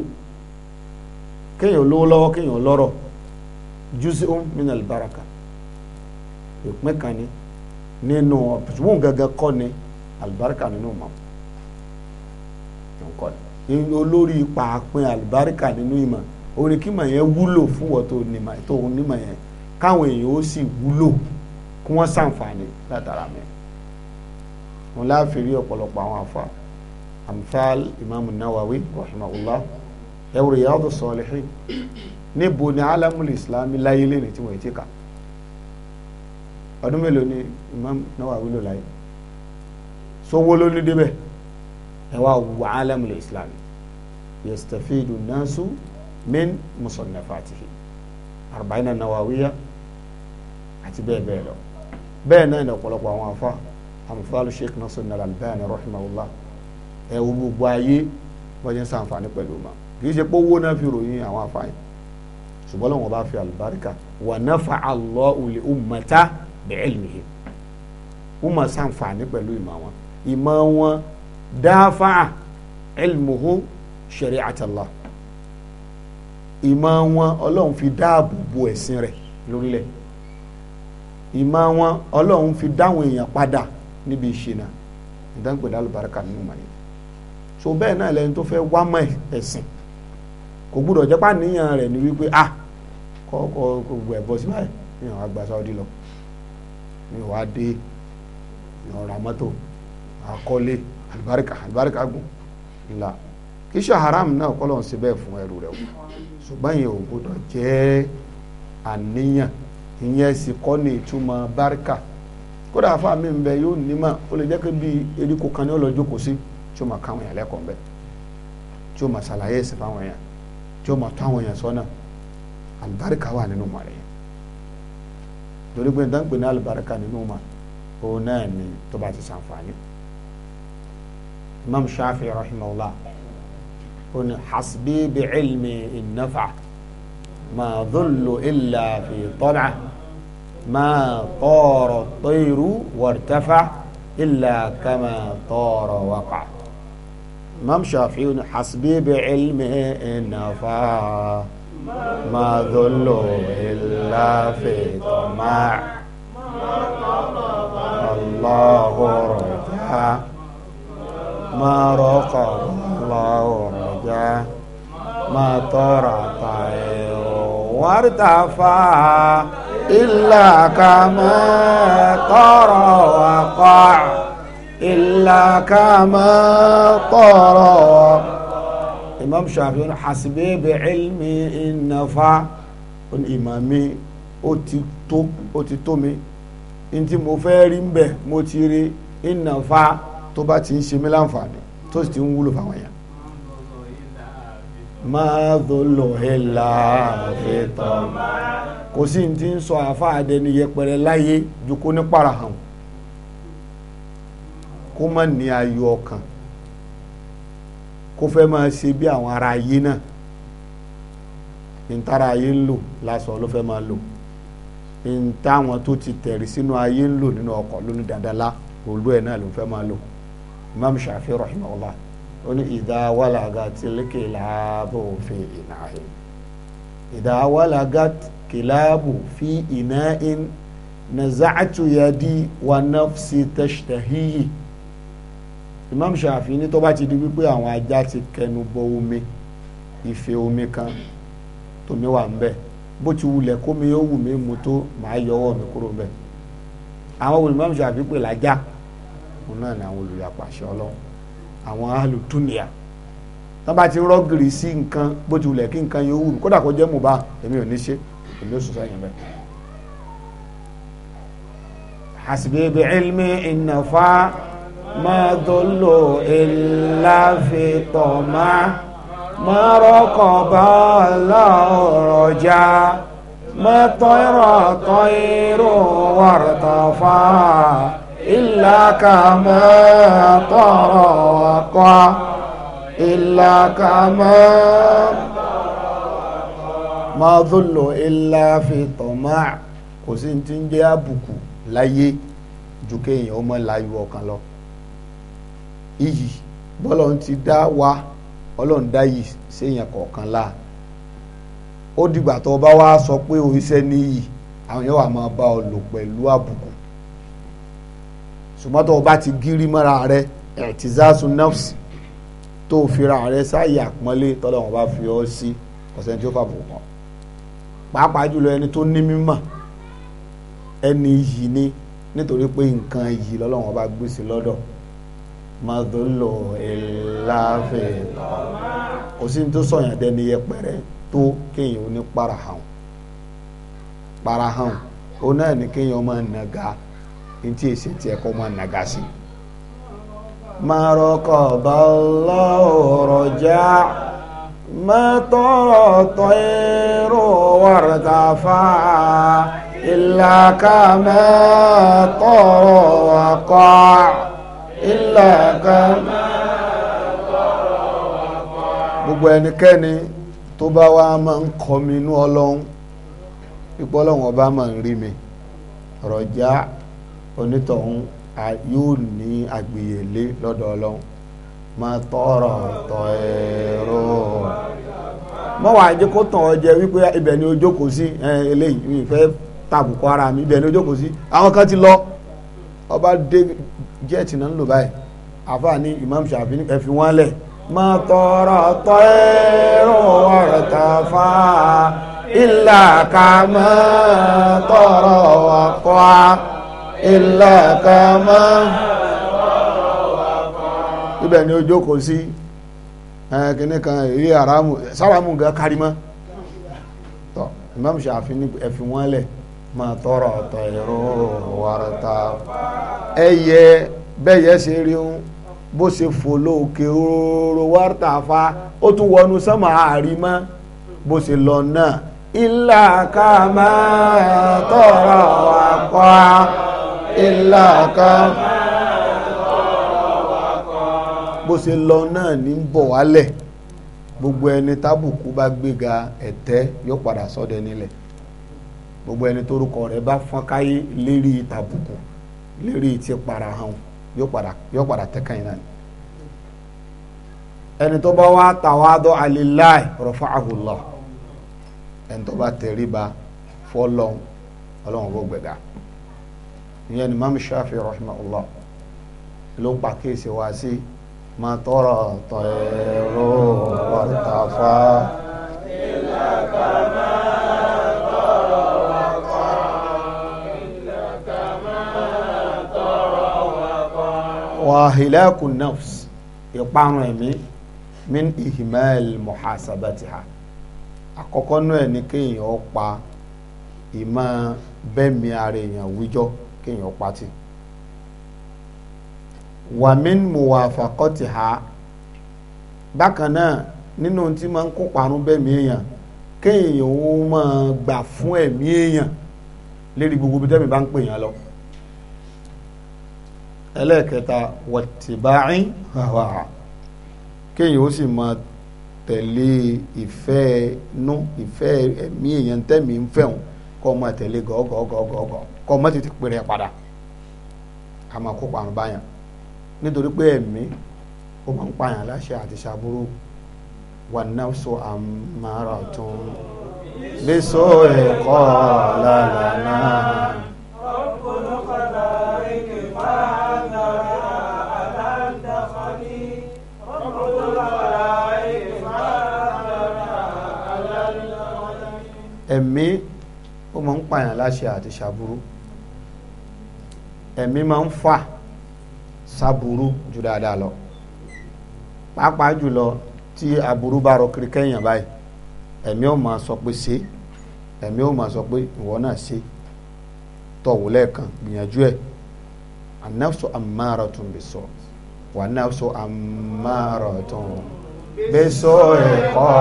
kéèyàn lówó lọ́wọ́ kéèyàn lọ́rọ̀ juz'un minal baraka ìpín kan ni nínú ọ̀pọ̀tùmọ̀ gẹ́gẹ́ kọ́ ni alibarika nínú mọ̀ olórí pàápín alibarika nínú ìmọ̀ orí kí mọ̀ yẹn wúlò fún wọ́n tó nímọ̀ tó nímọ̀ yẹn káwọn èèyàn ó sì wúlò kí wọ́n sàǹfààní látara mi wọn láàfin rí ọ̀pọ̀lọpọ̀ àwọn afa amthal imaamu nawawi rahimahullah ẹwùrọ̀ Riyadu Salihin níbo ni alamul islami láyé lẹ́nu tí wọ́n ti kà ọdún mélòó ni imam nawawi lò láyé sowó ló ní débẹ̀ ẹ wá wọ alamul islami yastafidu nasu min musannafatihi arbaina nawawiya àti bẹ́ẹ̀ bẹ́ẹ̀ lọ bẹ́ẹ̀ náà ní ọ̀pọ̀lọpọ̀ àwọn afa amfalu sheikh nasir nal albani rahimahullah ẹ wo gbogbo ayé wọ́n yẹn sàǹfààní pẹ̀lú ma kì í ṣe pé owó fi ròyìn àwọn afa yẹn ṣùgbọ́n lọ́wọ́ bá fi àlùbáríkà wa nafa Allahu li ummata bi ilmihi umma sàǹfààní pẹ̀lú ìmọ̀ wọn ìmọ̀ wọn ilmuhu shari'atallah ìmọ̀ wọn ọlọ́run fi dáàbò bo ẹ̀sìn rẹ̀ lórílẹ̀ ìmọ̀ wọn ọlọ́run fi dáwọn èèyàn padà níbi ìṣìnà ìdánpẹ̀lẹ̀ alùbáríkà nínú mọ̀lẹ́ so bẹ́ẹ̀ náà lẹ́ni tó fẹ́ wámọ̀ ẹ̀sìn kò gbúdọ̀ jẹ́ pàníyàn rẹ̀ ni wípé ah kọ́ kọ́ kò gbọ́ ẹ̀bọ sí báyìí ní àwọn àgbà sáwọ́dí lọ ní wàá dé ní ọ̀rọ̀ àmọ́tò àkọ́lé alùbáríkà alùbáríkà gùn ńlá kí haram náà kọ́ lọ́n ṣe bẹ́ẹ̀ fún ẹrú rẹ̀ wọ́n ṣùgbọ́n yẹn ò gbọdọ̀ jẹ́ àníyàn ìyẹn sì kọ́ ní ìtumọ̀ báríkà kódà àfáà mi ń bẹ yóò nímọ̀ ó lè jẹ́ pé bí eríko kan ní ọlọ́jọ́ kò sí tí ó máa káwọn èèyàn lẹ́kọ̀ọ́ bẹ́ẹ̀ tí ó máa ṣàlàyé ẹ̀sìn fáwọn èèyàn tí ó máa tó àwọn èèyàn sọ́nà àlùbáríkà wà nínú mọ̀ rẹ̀ torí pé nítorí pé ní àlùbáríkà nínú mọ̀ òun náà ni tó bá ti ṣàǹfààní Imam Shafi rahimahullah كن حسبي بعلمي إن نفع ما ظل إلا في طلعة ما طار الطير وارتفع إلا كما طار وقع ما مشى في حسبي بعلمي ان نفع ما ظل إلا في طمع الله رفع ما رقب الله رفع درجة مطر طير وارتفع إلا كما طر وقع إلا كما طر Imam Shafi'i hasibe bi ilmi innafa ìmàmí ó ti tó ó ti tó mi ntí mo fẹ́ rí ń bẹ̀ mo ti rí ìnàfa tó bá ti ń ṣe mí láǹfààní tó sì ti ń wúlò fáwọn èèyàn máa dolo hela fìtọ́ kò sí ti ń sọ àfa àdẹni yẹpẹrẹ láyé ju kó ní para hàn kó má ní ayọ̀ ọkàn kó fẹ́ máa ṣe bí àwọn ará ayé náà ntara ayé ń lò lásán ló fẹ́ máa lò ntáwọn tó ti tẹ̀rí sínú ayé ń lò nínú ọkọ̀ lónìí dáadáa olú ẹ̀ náà ló fẹ́ máa lò Imam Shafi rahimahullah ó ní ìdáwàlágà tìlkìláàbù fi ìnáyìn ìdáwàlágà kìláàbù fi ìnáyìn naza'atu yadi wa nafsi tashtahiyi imam shafi ní tó bá ti di wípé àwọn ajá ti kẹnu bọ omi ife omi kan tòmí wà ń bẹ bó ti wulẹ̀ kómi yóò wù mí mu tó màá yọwọ́ mi kúrò ń bẹ àwọn shafi pè lájà òun náà ni àwọn olùyàpàṣẹ ọlọ́run àwọn alùdúnìyà tábà ti rọ́gìrì sí nǹkan bó ti wulẹ̀ kí nǹkan yẹn wù mí kódà kó jẹ́ mùbá èmi ò ní ṣe èmi ò sọ sáyẹn bẹ́ẹ̀. hasbi ilmi innafa ma dolo illa fi tọ́ma ma rọ́kọ̀bá lọ́rọ̀ já ma tọ́rọ̀ tọ́rọ̀ wàrtafa. إلا كما طرق إلا كما ما ظل إلا في طمع kò sí ti ń jẹ́ àbùkù láyé ju kéèyàn ọmọ láyọ̀ ọkàn lọ iyì bọ́lọ̀ ti dá ó dìgbà tó wá sọ pé o iṣẹ́ níyì àwọn yóò wá ọ lò pẹ̀lú àbùkù ṣùgbọ́n tó o bá ti gírí mọ́ra rẹ ẹ̀tìzásun nafsi tó o fira rẹ sáàyè àpọ́nlé tọ́lọ́wọ́n bá fi ọ́ sí ọ̀sẹ̀ tí ó fà bùkún pàápàá jùlọ ẹni tó ní mímọ̀ ẹni yìí ni nítorí pé nǹkan yìí lọ́lọ́wọ́n bá gbé sí lọ́dọ̀ madolo ìlàfẹ́ kò sí ní tó sọ̀yàn dẹni yẹpẹrẹ tó kéèyàn ó ní parahàn parahàn ó náà ní kéèyàn máa nàga ntí èsì tí ẹ kọ́ máa nàgà sí. márọkọ bàlá òrọjà mẹtọrọ tọyẹrọ wàrẹtàfà ìlàkà mẹtọrọ wàkọ ìlàkà mẹtọrọ wàkọ. gbogbo ẹnikẹ́ni tó bá wá máa ń kọ́ mi inú ọlọ́run ipò ọlọ́run ọba máa ń rí mi rọ̀já onítọ̀hún yóò ní àgbìyèlé lọ́dọ̀ ọlọ́run ma tọrọ tọ ẹ̀rọ mọ́ wàá jẹ́ kó tàn ọ́ jẹ wípé ibẹ̀ ni ó jókòó sí eléyìí mi fẹ́ tàbùkù ara mi ibẹ̀ ni ó jókòó sí àwọn kan ti lọ ọba dé jẹ́ẹ̀tì náà ń lò báyìí àfáà ní Imam Shafi ní ẹ̀fí wọn lẹ̀ ma tọrọ tọ ẹ̀rọ ọ̀rọ̀ tà fà ìlà kà má tọrọ wà ilá kàmá ibẹ̀ ni ó jókòó sí kìnnì kan eré àràmù sáràmù gan kárí mọ́ tọ́ Imam Ṣàfi ní ẹ̀fìn wọn lẹ̀ máa tọrọ ọ̀tọ̀ ẹ̀rọ wàràtà ẹyẹ bẹ́yẹ ṣe rí ń bó ṣe fò lóòkè róró wàràtà fa ó tún wọnú sánmà àrímọ́ bó ṣe lọ náà ilá kàmá tọrọ àpá. ilá kan bó ṣe lọ náà ní bọ̀ wálẹ̀ gbogbo ẹni tábùkù bá gbéga ẹ̀tẹ́ yóò padà sọ́dẹ nílẹ̀ gbogbo ẹni tórúkọ rẹ bá fọ́n káyé lérí ti para hàn yóò padà yóò padà náà ẹni tó bá wá tàwádọ́ aliláì rọ̀fáàhù Allah ìyẹn ni Imam Shafi rahimahullah ló pa kéèsì wá sí máa tọrọ tọrọ wàtàfà. wàhílẹ́kù nafs ìparun ẹ̀mí min ihimel muhasabatiha àkọ́kọ́ náà ni kéèyàn pa ìmọ̀ bẹ́ẹ̀mí ara èèyàn wíjọ́ kéèyàn pati wàmín muwafakọ́tì ha bákan náà nínú tí máa ń kó parun bẹ́ẹ̀ mí èèyàn kéèyàn ó máa gbà fún ẹ̀mí èèyàn lérí gbogbo bí tẹ́mi bá ń pè yàn lọ ẹlẹ́ẹ̀kẹta wọ̀tìbáì hàwà kéèyàn ó sì máa tẹ̀lé ìfẹ́ nú ìfẹ́ ẹ̀mí èèyàn tẹ́mi ń fẹ́ wọn kọ́ ọmọ tẹ̀lé gọ́gọ́gọ́gọ́ kọ́ ọmọ tètè pèrè padà a máa kó parun báyàn nítorí pé ẹ̀mí ó máa ń pààyàn láṣẹ àti ṣàbúrú wà náà sọ àmàrà tó ń lè sọ ẹ̀kọ́ lálàá ẹ̀mí máa ń pààyàn láṣẹ àti ṣàbúrú ẹ̀mí máa ń fà ṣàbúrú jù dáadáa lọ pàápàá jùlọ tí aburú bá rọ kiri kẹ́yìn báyìí ẹ̀mí ò máa sọ pé ṣe ẹ̀mí ò máa sọ pé ìwọ náà ṣe tọ̀wọ̀ lẹ́ẹ̀kan gbìyànjú ẹ̀ anáfso amára tún bẹ sọ wà náfso amára tún bẹ sọ ẹ̀kọ́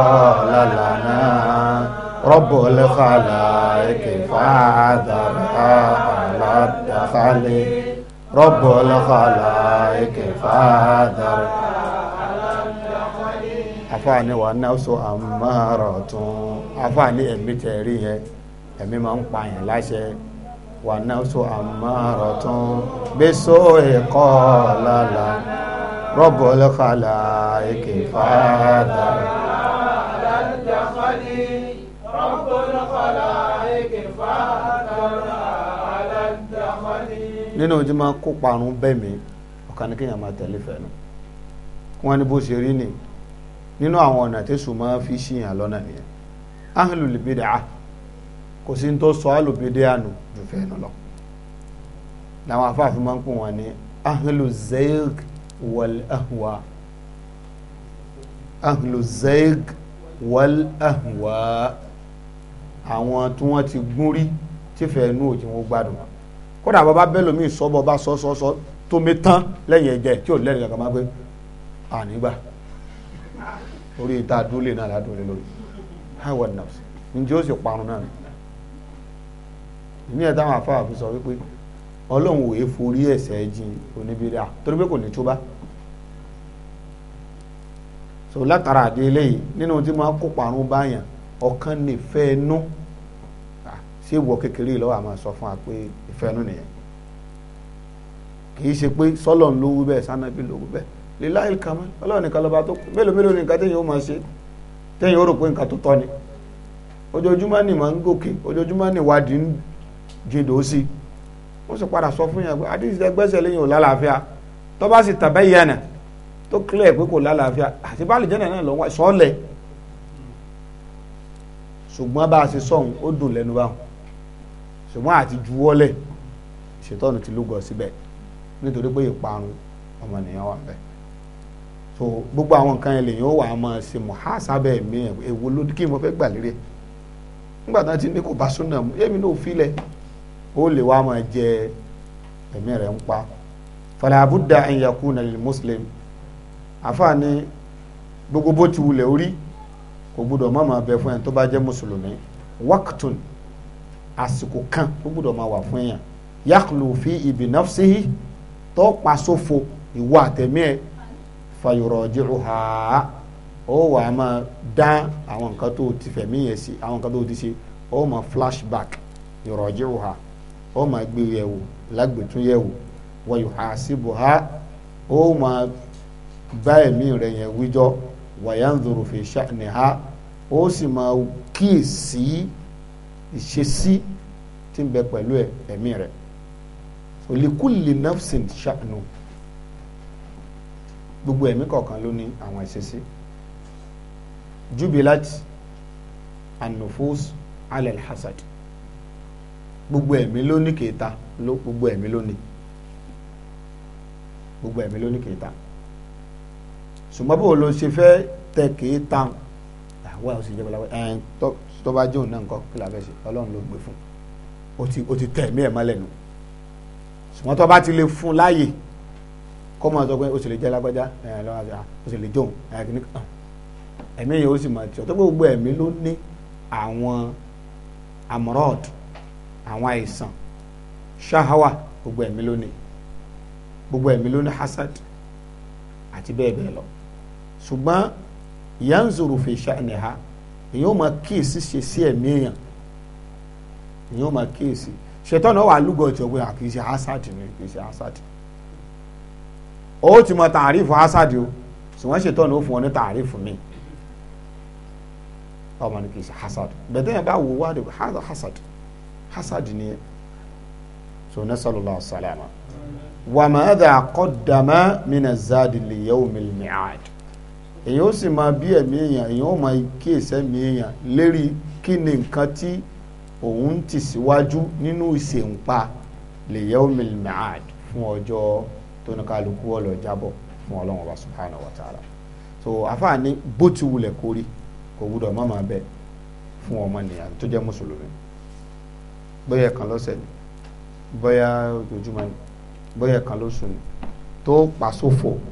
lálàá náà. رب الخلائق فاعذرها على الدخل رب الخلائق فاعذر àfààní wa nafsu ammaratun àfààní ẹ̀mí tẹ̀rí yẹ ẹ̀mí máa ń pààyàn láṣẹ wa nafsu ammaratun bisu iqala la rabbul khalaiqi fàdàrà. nínú ojú máa kó parun bẹ́ẹ̀mí ọ̀kan ní kéèyàn máa tẹ̀lé fẹ́nu wọ́n ní bó ṣe rí ni nínú àwọn ọ̀nà tí sùn máa fi ṣìyàn lọ́nà nìyẹn ahlul bid'ah kò sí tó sọ ahlul bid'ah nù ju fẹ́nu lọ làwọn afáàfin máa ń pè wọ́n ní ahlul zayg wal ahwa ahlul zayg wal ahwa àwọn tí wọ́n ti gún rí tífẹ̀ẹ́ inú òjì wọn gbádùn kódà bàbá bẹ́lòmíì sọ́bọ̀ bá sọ sọ sọ tó mi tán lẹ́yìn ẹ̀jẹ̀ tí ò lẹ́nu kankan máa pé ànígbà orí ìta dúlé náà ládùúlé lórí highway nerves njẹ́ ó sì parun náà ní ẹ̀ta àwọn afáà fi sọ wípé ọlọ́run òye forí ẹ̀ṣẹ̀ jin oníbíríà torí pé kò ní túbá so látara àdé eléyìí nínú tí máa kó parun báyàn ọ̀kan ní ìfẹ́ inú ah, ṣé ìwọ kékeré lọ́wọ́ àmọ́ sọ fún wa pé ìfẹ́ inú nìyẹn kì í ṣe pé sọ́lọ́n ló wú bẹ́ẹ̀ sanabi ló wú bẹ́ẹ̀ lílá ìkàmọ́ ọlọ́run nìkan lọ́ba tó mélòó mélòó nìkan téèyàn ó máa ṣe téèyàn ó rò pé nǹkan tó tọ́ ni ojoojúmọ́ ni màá ń gòkè ojoojúmọ́ ni ìwádìí ń jìndó sí i wọ́n sì padà sọ fún yàn pé àdéhùn ìṣẹ́ lẹ́yìn ò lálàáfíà tó bá sì tàbẹ́ yẹn tó kílẹ̀ pé kò lálàáfíà àti bá àlùjànnà náà lọ́wọ́ sọ́ọ̀lẹ̀ ṣùgbọ́n bá a ṣe sọ̀hún ó dùn lẹ́nu báwọn ṣùgbọ́n àti juwọ́lẹ̀ ṣètọ́nù ti lúgọ síbẹ̀ nítorí pé ìparun ọmọnìyàn wà bẹ́ẹ̀ so gbogbo àwọn nǹkan yẹn lèyìn ó wà á máa ṣe mọ̀hásábẹ́ mi èwo ló kí mo fẹ́ gbà lérí ẹ̀ nígbà tí wọ́n ti ní kò bá súnà mu èmi náà filẹ̀ ó lè wá máa jẹ ẹ̀mí rẹ̀ ń pa fala budda an yakuna lil muslim àfààní gbogbo bó ti wulẹ̀ orí kò gbúdọ̀ má máa bẹ fún ẹ̀ tó bá jẹ́ mùsùlùmí wákùtùn àsìkò kan ó gbúdọ̀ máa wà fún èèyàn yàkùlù fi ibi nafsihi tó pa sófo ìwọ àtẹ̀mí ẹ̀ fàyọ̀rọ̀ jìrù ó wà á máa dá àwọn nǹkan tó ti fẹ̀mí yẹn sí àwọn nǹkan tó ti ṣe ó máa flashback yọ̀rọ̀ jìrù ha ó máa gbé e yẹ̀wò lágbètún yẹ̀wò wọ̀yọ̀ ha síbò ha ó máa bá ẹ̀mí rẹ̀ yẹn wíjọ́ wàyánzòrò fi ṣàníhá ó sì máa kíyèsí ìṣesí tí ń bẹ pẹ̀lú ẹ̀mí rẹ̀ òlìkúlì nafsin ṣàánú gbogbo ẹ̀mí kọ̀ọ̀kan ló ní àwọn ìṣesí jubilat anufus alel hasad gbogbo ẹ̀mí ló ní kèéta gbogbo ẹ̀mí ló ní gbogbo ẹ̀mí ló ní kèéta ṣùgbọ́n bó ló ṣe fẹ́ tẹ̀ kéé tán àwọn àwọn òṣìṣẹ́ ìjọba ẹ̀ tó bá jóun náà nǹkan kí la fẹ́ ṣe ọlọ́run ló gbé fún o ti tẹ̀ mí ẹ̀ mọ́lẹ̀ nù ṣùgbọ́n tó bá ti lè fún láàyè kó máa sọ pé o sì lè jẹ́ lágbájá ẹ̀ lọ́wọ́ àti o ah, sì lè jóun ẹ̀ kìíní kan ah, ẹ̀mí yẹn ó sì máa tiọ́ tó gbogbo ẹ̀mí ló ní àwọn amrod àwọn àìsàn ṣahawa gbogbo ẹ̀mí ló ní gbogbo ẹ̀mí ló ní hasad àti bẹ́ẹ̀ bẹ́ẹ̀ lọ ṣùgbọ́n yanzuru fi sha'niha èyí ó máa kíyèsí ṣe sí ẹ̀mí èèyàn èyí ó máa kíyèsí ṣètọ́nà wà lúgọ̀ tí ọgbẹ́ àkì í ṣe hasad ni kì í ṣe hasad ó ti mọ tààrífù hasad o ṣùgbọ́n ṣètọ́nà ó fún ọ ní tààrífù mi ọmọ ni kì í ṣe hasad bẹ̀tẹ̀ yẹn bá wò wá dé hasad hasad ni ẹ so nasallallahu salama wa ma adha qaddama min azadi li yawmil mi'ad èyàn ó sì máa bí ẹ̀mí èèyàn èyàn ó máa kíyèsí ẹ̀mí èèyàn lérí kí ni nǹkan tí òun ti síwájú nínú ìṣèǹpa lèyẹ omi mẹ́àd fún ọjọ́ tónúkálukú ọ̀lọ́ jábọ̀ fún ọlọ́run ọba subhanahu wa ta'ala so àfààní bó ti wulẹ̀ kórí kò gbúdọ̀ má máa bẹ fún ọmọ nìyà tó jẹ́ mùsùlùmí bóyá kan lọ́sẹ̀ ni bóyá ojoojúmọ́ ni bóyá kan lóṣù ni tó pa sófò. So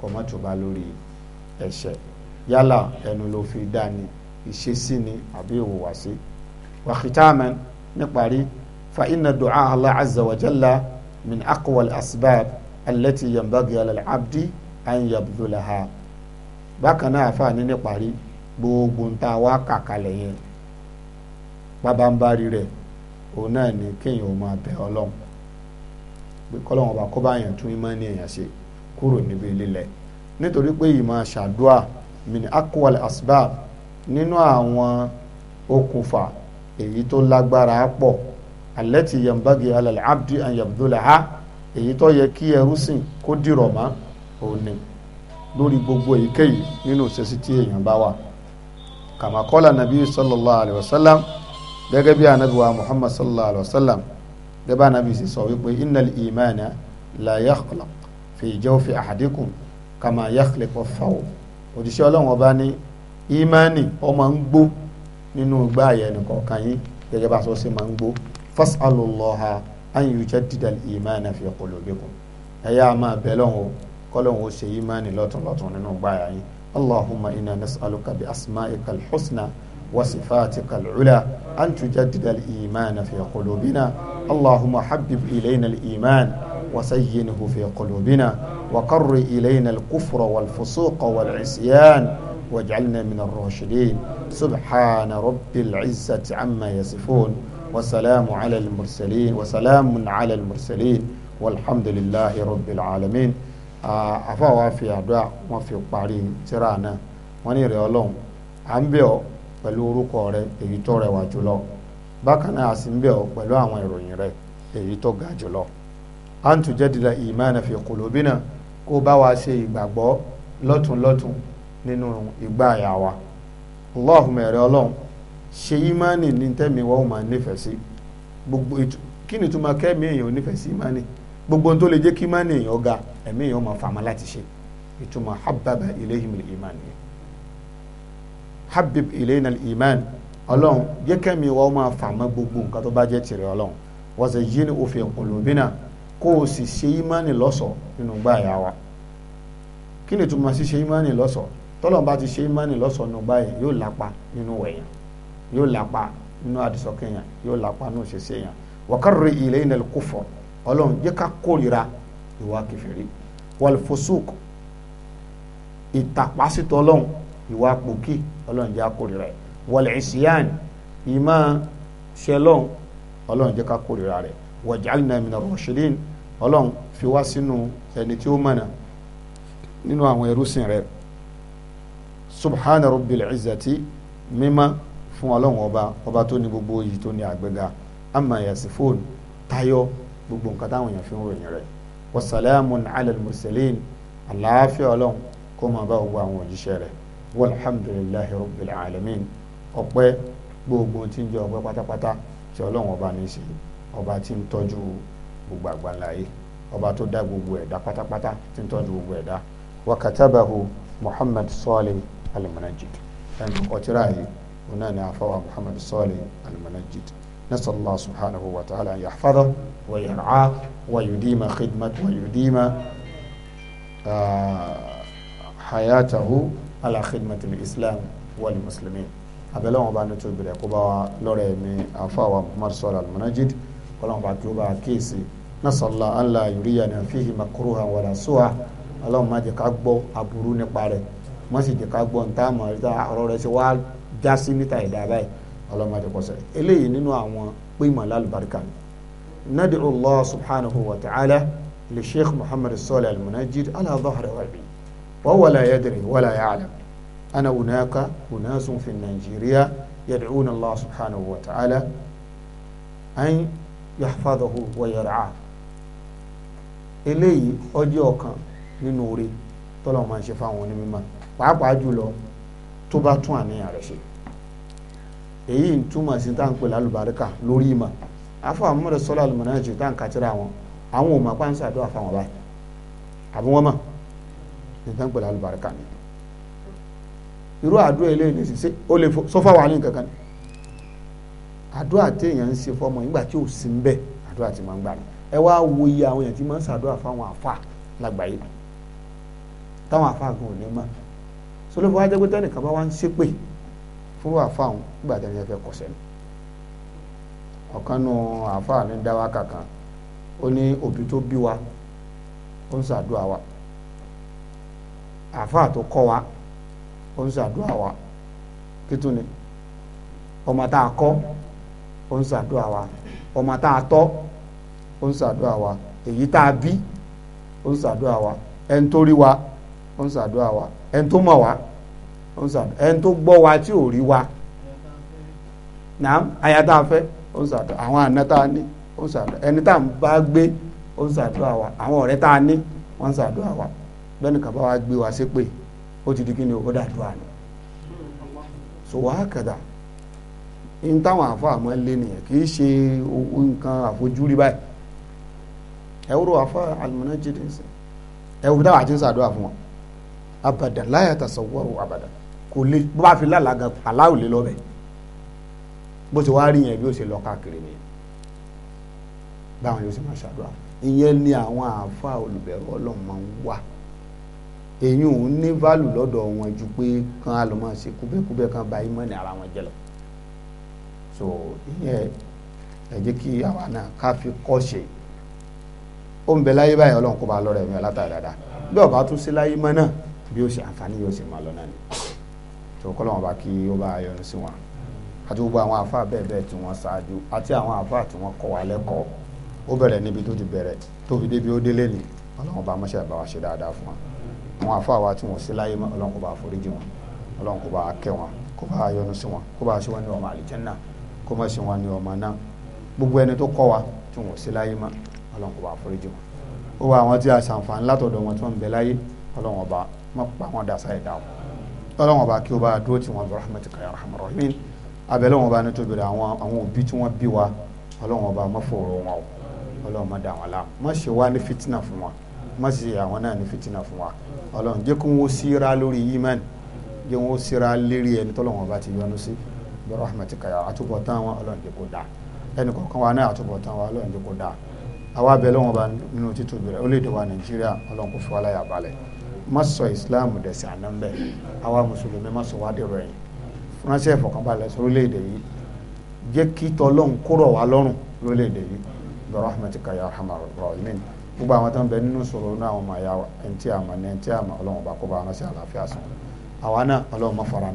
kọ́ má túbá lórí ẹ̀ṣẹ̀ yálà ẹnu ló fi dá ni ìṣesí ni àbí ìhùwàsí wa khitaman níparí fa inna du'a Allah azza wa jalla min aqwa al-asbab allati yanbaghi al-abdi an yabdulaha bákan náà àfààní níparí gbogbo ń ta wá yẹn pabambari rẹ̀ òun náà ni kéèyàn ó máa bẹ̀ ọlọ́run pé ọba kó bá tún ìmọ̀ ní èèyàn ṣe kúrò níbi lílẹ̀ nítorí pé ìmọ̀ ṣàdúà min akwal asbab nínú àwọn okùnfà èyí tó lágbára pọ̀ alẹ́tì yambagi alal abdi an yabdulaha èyí tó yẹ kí ẹrú sìn kó dìrọ̀ mọ́ òní lórí gbogbo èyíkéyìí nínú ìṣesí tí èèyàn bá wà kàmákọ́lá nàbí sallallahu alayhi wa sallam gẹ́gẹ́ bí anabiwa muhammad sallallahu alayhi wa sallam gẹ́gẹ́ bí anabi sì sọ wípé innal imana la yakhla fi jawfi ahadikum kama yakhliqu fáwọ̀ òjíṣẹ́ ọlọ́run ọba ní ìmánì ó máa ń gbó nínú igbá àyẹ̀nì kọ̀ọ̀kan yín gẹ́gẹ́ bá a sọ sí máa ń gbó fas'alullaha an yujaddida al-imana fi qulubikum ẹ̀yà máa bẹ̀ lọ́wọ́ kọ́lọ́hún ó ṣe ìmánì lọ́tún lọ́tún nínú igbá àyà yín allahumma inna nas'aluka bi asma'ika al-husna wa sifatika al-ula an tujaddida al-imana fi qulubina allahumma habib ilayna al-iman. وزينه في قلوبنا وقر إلينا الكفر والفسوق والعصيان واجعلنا من الراشدين سبحان رب العزة عما يصفون وسلام على المرسلين وسلام على المرسلين والحمد لله رب العالمين afa wa fi àdúrà wọn fi parí tírà náà wọn ní ìrẹ Ọlọ́run à ń bẹ̀ ọ́ pẹ̀lú orúkọ rẹ èyí an tujadila imana fi qulubina kó bá wa ṣe ìgbàgbọ́ lọ́tùnlọ́tùn nínú ìgbà àyà wa allahumma ẹ̀rẹ́ ọlọ́run ṣe imani ní tẹ́mi wọ́n máa nífẹ̀ẹ́ sí gbogbo kí ni túmọ̀ kẹ́mi èèyàn nífẹ̀ẹ́ sí imani gbogbo tó lè jẹ́ kí imani èèyàn ga ẹ̀mí èèyàn máa fàmọ́ láti ṣe ìtumọ̀ hababa ilayhim al-imani habib ilayna al ọlọ́run jẹ́ kẹ́mi wọ́n máa fàmọ́ gbogbo nǹkan tó bá jẹ́ tìrẹ ọlọ́run wa zayyinhu fi qulubina kó o sì ṣe ìmánì lọ́ṣọ̀ọ́ nínú gbáyà wa kí ni túmọ̀ sí ṣe ìmánì lọ́ṣọ̀ọ́ tọ́lọ́n bá ti ṣe ìmánì lọ́ṣọ̀ọ́ nínú gbáyà yóò lápa nínú wẹ̀yàn yóò lápa nínú àdìsọ́kẹ̀yàn yóò lápa nínú ṣẹṣẹ yàn wàkàrẹ̀ ilẹ̀ ilẹ̀ kúfọ̀ ọlọ́run jẹ́ ká kórira ìwà kẹfìrí wàlfosuk ìtàpásítọ̀ ọlọ́run ìwà waj'alna minar rashidin ọlọ́run fi wá sínú ẹni tí ó mọ̀nà nínú àwọn ẹrúsìn rẹ̀ subhana rabbil izzati mímọ́ fún ọlọ́run ọba ọba tó ní gbogbo yìí tó ní àgbéga amma yasifun tayọ gbogbo nǹkan táwọn èèyàn fi ń ròyìn rẹ̀ wasalamun ala al-mursalin àlàáfíà ọlọ́run kó máa bá gbogbo àwọn òjíṣẹ́ rẹ̀ walhamdulillahi rabbil alamin ọpẹ́ gbogbo tí ń jẹ́ ọpẹ́ pátápátá tí ọlọ́run ọba ní í ṣe yìí ọba tí ń tọ́jú gbogbo àgbáláyé ọba tó dá gbogbo ẹ̀dá pátápátá tí ń tọ́jú gbogbo ẹ̀dá wa katabahu muhammad salih al-munajjid ẹnu ọtíra yìí ọ̀nà ni àfọwà muhammad salih al-munajjid نسأل الله سبحانه وتعالى أن يحفظه ويرعاه ويديم خدمته ويديم حياته على خدمة الإسلام والمسلمين abẹ́lẹ́ wọn bá ní tóbi rẹ̀ kó bá wa lọ́rẹ̀ mi àfáwà muhammad sọ́lá al-munajid kọ́lọ́n bá dúró bá a kíyèsí nasala ala yuriya na fihi makuruha wala suha aláwọn máa jẹ ká gbọ́ aburú nípa rẹ̀ wọ́n sì jẹ ká gbọ́ ntá mọ̀ ẹ̀ta ọ̀rọ̀ rẹ̀ ṣe wá já sí níta ìdá báyìí aláwọn máa jẹ kọ́ sẹ́yìn eléyìí nínú àwọn pímọ̀ lálùbáríkà ni nadiru allah subhanahu wa ta'ala li sheikh muhammad salih al-munajid ala dhahri wabi wa wala yadri wala ya'lam ana hunaka unasun fi nigeria yad'una allah subhanahu wa ta'ala an yahfadhuhu wa yar'ah eléyìí ọjọ́ ọ̀kan nínú oore tọ́lọ́ máa ń ṣe fáwọn onímọ̀ pàápàá jùlọ tó bá tún àníyàn rẹ̀ ṣe èyí ń túmọ̀ sí tá à ń pè lálùbáríkà lórí ìmọ̀ afáwọn mọ̀rẹ́ sọ́lá al-Manhaj tá à ń kàtírà wọn àwọn ò mọ̀ pa ń ṣàdúrà fáwọn báyìí àbí wọ́n mọ̀ ní tá à ń pè lálùbáríkà ni irú àdúrà eléyìí ní sísè ó lè sọ́fà wà ní nǹkan ni àdúrà téèyàn ń se fọmọ nígbà tí ò sí ń bẹ àdúrà tí máa ń gbà ní ẹ wá wo iye àwọn èèyàn tí máa ń ṣàdúrà fáwọn àfà lágbàáyé táwọn àfà gan ò ní mọ sọlọ́fọ́ wá jẹ́ pé tẹ́nìkan bá wá ń ṣépè fún àfà òun nígbà tẹ́nìkan fẹ́ kọ̀ṣẹ́ ni ọ̀kan nu àfà ní dáwà kankan ó ní òbí tó bí wa ó ń ṣàdúrà wa àfà tó kọ́ wa ó ń ṣàdúrà wa kí tún ni ọmọ tá a kọ́ ó ń ṣàdúrà wa ọmọ tá a tọ́ ó ń ṣàdúrà wa èyí tá a bí ó ń ṣàdúrà wa ẹni tó rí wa ó ń ṣàdúrà wa ẹni tó mọ̀ wa ó ń ṣàdúrà ẹni tó gbọ́ wa tí ò rí wa nàám aya tá a fẹ́ ó ń ṣàdúrà àwọn àna tá a ní ó ń ṣàdúrà ẹni tá a bá gbé ó ń ṣàdúrà wa àwọn ọ̀rẹ́ tá a ní wọ́n ń ṣàdúrà wa bẹ́ẹ̀ni kàbá wa gbé wa ṣépè ó ti di kí ni ó dàdúrà ni so wàá kàdà n táwọn àfa àmọ́ lé nìyẹn kì í ṣe nǹkan àfojúrí báyìí ẹwúrò àfa àlùmọ́nà jíde ń sìn ẹwúrò táwọn àti ń sàdúrà fún wọn abadan láyà tasawwaru abadan kò lè bó bá fi lálàgà aláwò lè lọ bẹ bó ti wá rí yẹn bí ó ṣe lọ káàkiri nìyẹn báwọn yóò ṣe máa ṣàdúrà ìyẹn ni àwọn àfa olùbẹ̀rù ọlọ́run máa ń wà èyí ò ní válù lọ́dọ̀ wọn ju pé kan á ṣe kúbẹ́kúbẹ́ kan bà ìmánì ara wọn jẹ́ lọ so ìyẹn ẹ jẹ́ kí àwa náà ká fi kọ́ ṣe ó ń bẹ láyé báyìí ọlọ́run kó bá lọ́rọ̀ ẹ̀mí ọlátàrí dáadáa bí ọba tún sí láyé mọ́ náà bí ó ṣe àǹfààní yóò ṣe máa lọ náà ni tó kọ́ lọ́wọ́n bá kí ó bá yọ́nú sí wọn àti gbogbo àwọn àfáà bẹ́ẹ̀ bẹ́ẹ̀ tí wọ́n ṣáájú àti àwọn àfáà tí wọ́n kọ́ wa lẹ́kọ̀ọ́ ó bẹ̀rẹ̀ níbi tó ti bẹ̀rẹ̀ tó fi débi ó délé ni ọlọ́run bá mọ́ṣẹ́ bá wa ṣe dáadáa fún wọn àwọn àfáà wa tí wọ́n sí láyé mọ́ ọlọ́run kó bá foríjì wọn ọlọ́run kó bá kẹ́ wọn kó bá yọ́nú sí wọn kó bá ṣe wọn ní ọmọ àlìjẹ́nnà kó má ṣe wọn ní ọmọ náà gbogbo ẹni tó kọ́ wa tí wọn ò sí láyé mọ́ ọlọ́run kò bá foríjì wọn ó wá àwọn tí a ṣàǹfààní látọ̀dọ̀ wọn tí wọ́n ń bẹ láyé ọlọ́run ọba má pa wọn dàsá ẹ̀dá o ọlọ́run ọba kí o bá dúró tí wọn bẹ rahmatika ya rahman rahim abẹ́lẹ́ wọn bá ní tóbi rẹ̀ àwọn àwọn òbí tí wọ́n bí wa ọlọ́run ọba má fòrò wọn o ọlọ́run má dà wọn lá má ṣe wá ní fitina fún wa má ṣe àwọn náà ní fitina fún wa ọlọ́run jẹ́ kí wọ́n síra lórí yimán jẹ́ wọ́n síra lérí ẹni tọ́lọ́run ọba ti yọ́nú sí bi rahmatika ya àtúbọ̀tán wọn ọlọ́run jẹ́ kó dáa ẹnì kọ̀ọ̀kan wa náà àtúbọ̀tán wa ọlọ́run jẹ́ kó dáa àwa bẹ̀ lọ́wọ́n bá nínú títóbi rẹ̀ orílẹ̀-èdè wa nàìjíríà ọlọ́run kò fi wá láyà balẹ̀ má sọ islam dẹ̀sẹ̀ àná mbẹ́ àwa mùsùlùmí má sọ wá dèrò ẹ̀yìn fúnránṣẹ́ ìfọ̀kànbalẹ̀ sọ orílẹ̀-èdè yìí jẹ́ kí tọ́lọ́run kúrò wá lọ́rùn lórílẹ̀-èdè yìí bi rahmatika ya arhamar rahimin gbogbo àwọn tó ń bẹ nínú sọ̀rọ̀ náà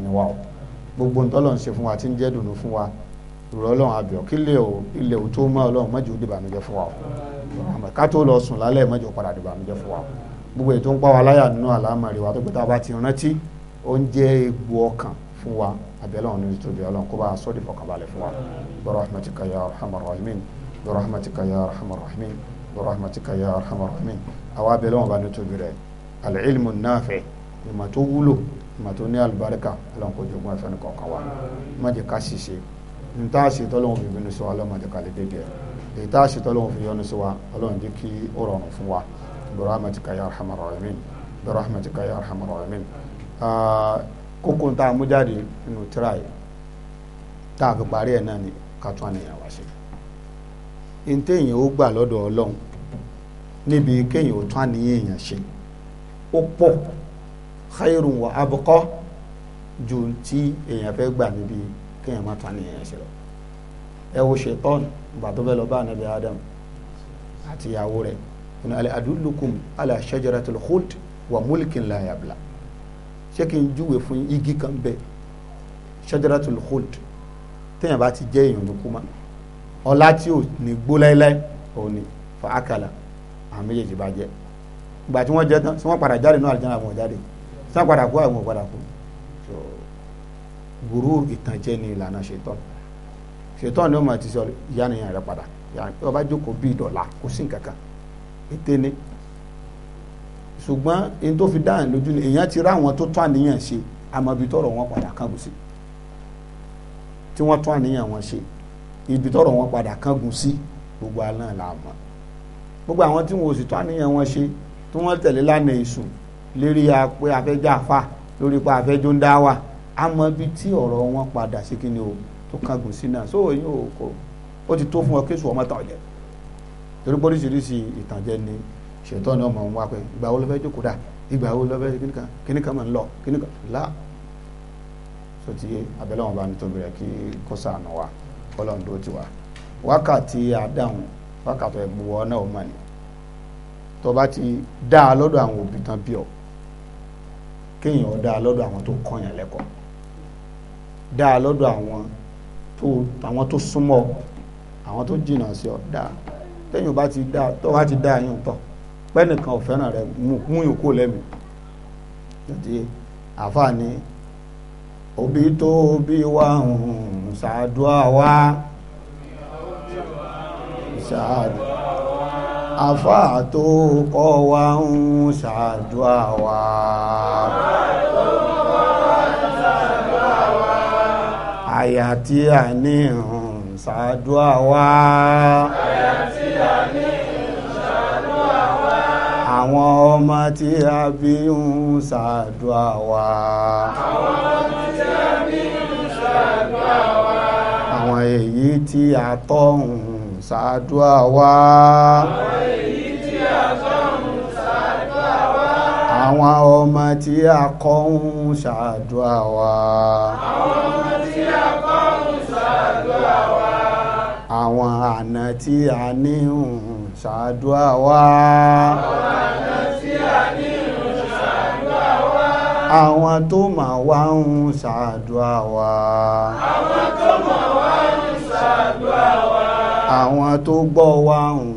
wọn gbogbo ń tọ́lọ̀ ń ṣe fún wa tí ń jẹ́ dùnú fún wa rọ̀ ọlọ́run àbíọ̀ kí ilé ò ilé ò tó mọ́ ọlọ́run mọ́jú ó dìbànújẹ́ fún wa o ká tó lọ sùn lálẹ́ mọ́jú ó padà dìbànújẹ́ fún wa o gbogbo ètò ń pa wa láyà nínú àlámọ̀rí wa tó pé tá a bá ti rántí ó ń jẹ́ egbò ọkàn fún wa abẹ́lẹ́wọ̀n ní ìtòbí ọlọ́run kó bá a sọ́ọ́dì fọkànbalẹ̀ fún wa birahmatika ya arhamar rahimin birahmatika ya arhamar rahimin birahmatika ya arhamar rahimin àwa abẹ́lẹ́wọ̀n al-ilmu an-nafi' màtó ní albarika ọlọ́run kò jogún ẹ̀fẹ́ kọ̀ọ̀kan wa má jẹ́ ká ṣiṣẹ́ ní tá a ṣe tọ́lọ́run fi bínú sí wa ọlọ́run má jẹ́ ká lè dédé ẹ̀ èyí tá a ṣe tọ́lọ́run fi yọ́nú sí wa ọlọ́run jẹ́ kí ó rọrùn fún wa birahmatika ya arhamar rahimin birahmatika ya arhamar rahimin kókó tá a mú jáde nínú tíra yìí tá a fi parí ẹ̀ náà ni ká tún àníyàn wá ṣe ntẹ̀yìn ó gbà lọ́dọ̀ ọlọ́run níbi kéèyàn ó tún àníyàn ṣe ó pọ̀ khairun wa abqa ju tí èèyàn fẹ́ gbà níbi kéèyàn má ta ní èèyàn ṣe lọ ẹ wo ṣetán ìgbà tó fẹ́ lọ bá anabi adam àti ìyàwó rẹ̀ ọ̀nà alẹ́ adúlùkùn ala shajaratil khuld wa mulkin la yabla ṣé kí n júwe igi kan bẹ shajaratul khuld téèyàn bá ti jẹ́ èèyàn ló kú ma ọlá tí ò ní gbó láéláé òun ni fa akala àwọn méjèèjì bá jẹ ìgbà tí wọ́n jẹ tán tí wọ́n padà jáde náà àlùjáde àwọn jáde sáà padà kú àwọn padà kú so gurú ìtànjẹ ni ìlànà ṣetán ṣetán ni ó máa ti sọ ìyànìyàn rẹ padà ọba jókòó bíi dọ̀là kò sí nǹkan kan ni ṣùgbọ́n ẹni tó fi dáhùn lójú ni èèyàn ti ráwọn tó tọ́ àníyàn ṣe àmọ́ ibi tọ́rọ̀ wọn padà kángun sí tí wọ́n tọ́ àníyàn wọn ṣe ibi tọ́rọ̀ wọn padà kángun sí gbogbo aláǹlá àmọ́ gbogbo àwọn tí wọn ò sì tọ́ àníyàn wọn ṣe tí wọ́n tẹ̀lé lánàá èṣù lérí apẹ afẹ́jàfà lórí pa afẹ́jọ́ ń dá wà àmọ́ bí tí ọ̀rọ̀ wọn padà sí kí ni o tó kángun sí náà so èyí ò kò ó ti tó fún ọ kéṣù ọmọ tàn jẹ torí oríṣiríṣi ìtànjẹ ni ṣètò ọ̀nà ọmọ òun wá pé ìgbà wo ló jókòó dà ìgbà wo ló fẹ́ kíníkan kíníkan máa ń lọ kíníkan là so ti abẹ́lẹ́ wọn bá ní tóbi rẹ̀ kí kó sànù wa kọ́lọ́n dó ti wa wákàtí àdáhùn wákàtí ẹ̀gbọ́n náà ó mọ̀ ni tó bá ti dá a lọ́dọ̀ àwọn òbí tán bí ọ kéèyàn ó dáa lọ́dọ̀ àwọn tó kọ́yàn lẹ́kọ̀ọ́ dáa lọ́dọ̀ àwọn tó àwọn tó súnmọ́ àwọn tó jìnnà sí ọ dáa téèyàn bá ti dáa tó bá ti dáa yín tọ̀ pẹ́nìkan ò rẹ mú yòókù lẹ́mìí àfáà ni òbí tó bí wa ń ṣàdúrà wa ṣàdúrà àfà tó kọ́ wa ń ṣàdúà wa. àyà tí a ní ń ṣàdúà wa. àyà tí a ní ń ṣàdúà wa. àwọn ọmọ tí a bí ń ṣàdúà wa. àwọn èyí tí a tọ́ ń ṣàdúà wa. àwọn àwọn ọmọ tí a kọ́ ń ṣàdúrà wa. àwọn ọmọ tí àna tí a ní ń ṣàdúrà wa. àwọn tó mà wá ń ṣàdúrà wa. àwọn tó mà wá ń ṣàdúrà wa. àwọn tó gbọ́ wa ń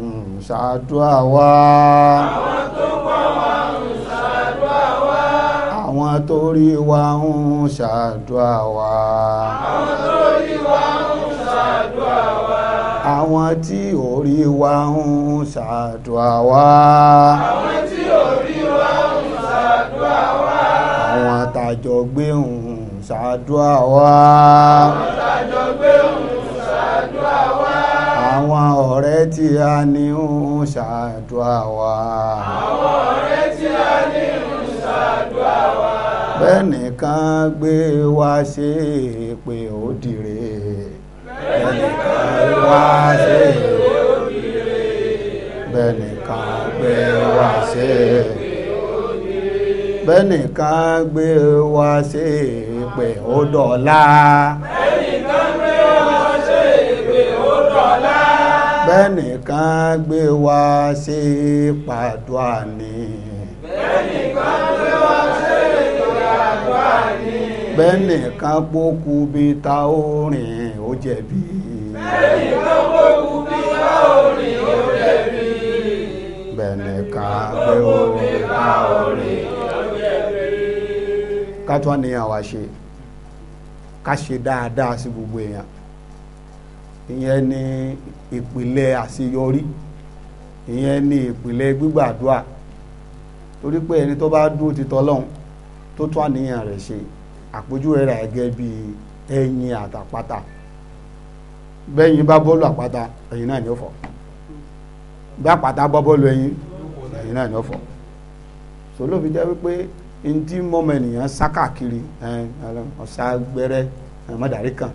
ṣàdúrà wa. àwọn tó rí wa ń ṣàdúrà wa. àwọn wa ń ṣàdúrà wa. àwọn tí ò rí wa ń ṣàdúrà wa. àwọn wa ń ṣàdúrà wa. àwọn tàjọ gbé ń ṣàdúrà wa. àwọn tàjọ gbé ń ṣàdúrà wa. àwọn ọ̀rẹ́ tí a ní ń ṣàdúrà wa. àwọn ọ̀rẹ́ tí a ní bẹ́nìkan gbé wá ṣe pé ó dìre bẹ́nìkan gbé wá ṣe pé ó dìre bẹ́nìkan gbé wá ṣe bẹ́nìkan gbé wá ṣe pé ó dọ̀la bẹ́nìkan gbé wá ṣe pé ó dọ̀la bẹ́nìkan gbé wá ṣe pàdúà ni bẹ́nìkan bẹ́ẹ̀nì kan pókú bí ta ó rìn ó jẹ̀bi bẹ́ẹ̀nì kan pókú bí ta ó rìn ó jẹ̀bi bẹ́ẹ̀nì kan pókú bí ta ó rìn ó jẹ̀bi ká tó àníyàn wá ṣe ká ṣe dáadáa sí gbogbo èèyàn ìyẹn ni ìpìlẹ̀ àṣeyọrí ìyẹn ni ìpìlẹ̀ gbígbàdúrà torí pé ẹni tó bá dúró ti tọ́lọ́hún tó tún àníyàn rẹ̀ ṣe àpèjúwe rẹ̀ gẹ́gẹ́ bí ẹyin àtàpátá bẹ́yìn bá bọ́ọ̀lù àpáta ẹ̀yìn náà ni ó fọ́ bá àpáta bá bọ́ọ̀lù ẹ̀yìn ẹ̀yìn náà ni ó fọ́ so ló fi jẹ́ wípé n tí mọ́mọ ènìyàn sá káàkiri ọ̀sá gbẹ́rẹ́ mọ́dàrí kan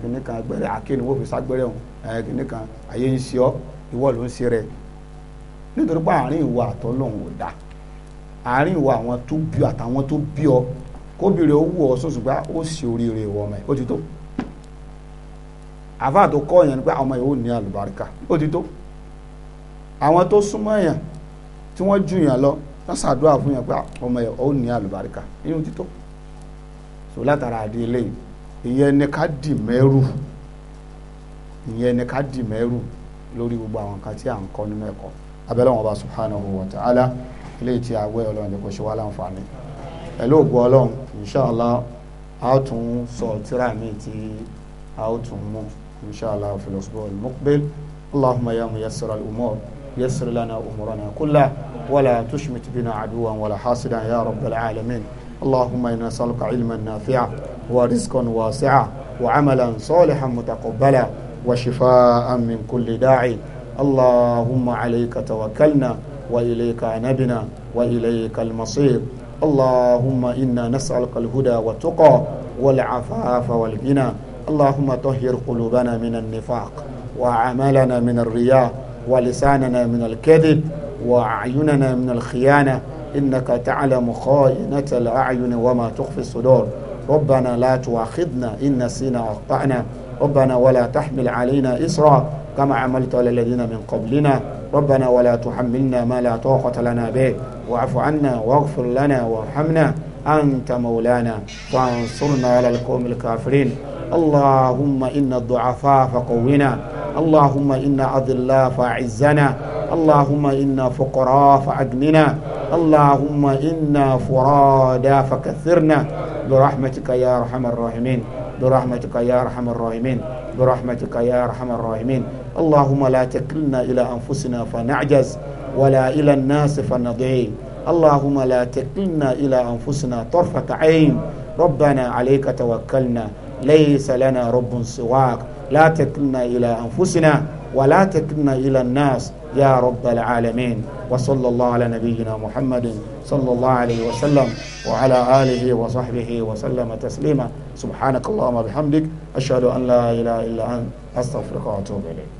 kìnnì kan gbẹ́rẹ́ akéènì wọ́n fi sá gbẹ́rẹ́ hùn kìnnì kan ayé ń ṣe ọ́ ìwọ ló ń ṣe rẹ̀ nítorí pé àárín ìwọ àtọ́ lòun ò dáa àárín ìwọ àwọn tó bí ọ àtàwọn tó bí ọ kóbìnrin ó wù ọ sọ̀sùn pé ó sì oríire ìwọ ọmọ ẹ̀ ó ti tó àfáà tó kọ́ yẹn ni pé ọmọ ẹ̀ ó ní àlùbáríkà ó ti tó àwọn tó súnmọ́ yẹn tí wọ́n jù yẹn lọ wọ́n fún yẹn pé ọmọ ẹ̀ ó ní àlùbáríkà inú ti tó látara àdé eléyìí ìyẹn ni ká dì mẹ́rù ìyẹn ni ká dì mẹ́rù lórí gbogbo àwọn kan tí à ń kọ́ nínú ẹ̀kọ́ abẹ́lẹ́ wọn bá subhanahu wa ta'ala eléyìí tí awẹ́ ọlọ́run jẹ́ kó ṣe wá láǹfààní ẹ̀lú ògbó ọlọ́run inṣàlá a tún sọ tíra míì tí a ó tún mú inṣàlá fìlọ́sọ́bọ̀ al-muqbil allahumma ya muyassir al-umur yassir lana umurana kulla wala tushmit bina aduwan wala hasidan ya rabbal alamin اللهم إنا نسألك علما نافعا ورزقا واسعا وعملا صالحا متقبلا وشفاء من كل داعي اللهم عليك توكلنا وإليك عنبنا وإليك المصير اللهم إنا نسألك الهدى والتقى والعفاف والغنى اللهم طهر قلوبنا من النفاق وعملنا من الرياء ولساننا من الكذب وأعيننا من الخيانة إنك تعلم خائنة الأعين وما تخفي الصدور ربنا لا تؤاخذنا إن نسينا أخطأنا ربنا ولا تحمل علينا إسرا كما عملت على الذين من قبلنا ربنا ولا تحملنا ما لا طاقة لنا به واعف عنا واغفر لنا وارحمنا أنت مولانا فانصرنا على القوم الكافرين اللهم إن الضعفاء فقونا اللهم إن أضلاء فأعزنا اللهم إنا فقراء فأغننا اللهم إنا فرادا فكثرنا برحمتك يا أرحم الراحمين برحمتك يا أرحم الراحمين برحمتك يا أرحم الراحمين اللهم لا تكلنا إلى أنفسنا فنعجز ولا إلى الناس فنضيع اللهم لا تكلنا إلى أنفسنا طرفة عين ربنا عليك توكلنا ليس لنا رب سواك لا تكلنا إلى أنفسنا ولا تكلنا إلى الناس يا رب العالمين وصلى الله على نبينا محمد صلى الله عليه وسلم وعلى آله وصحبه وسلم تسليما سبحانك اللهم وبحمدك أشهد أن لا إله إلا أنت أستغفرك وأتوب إليك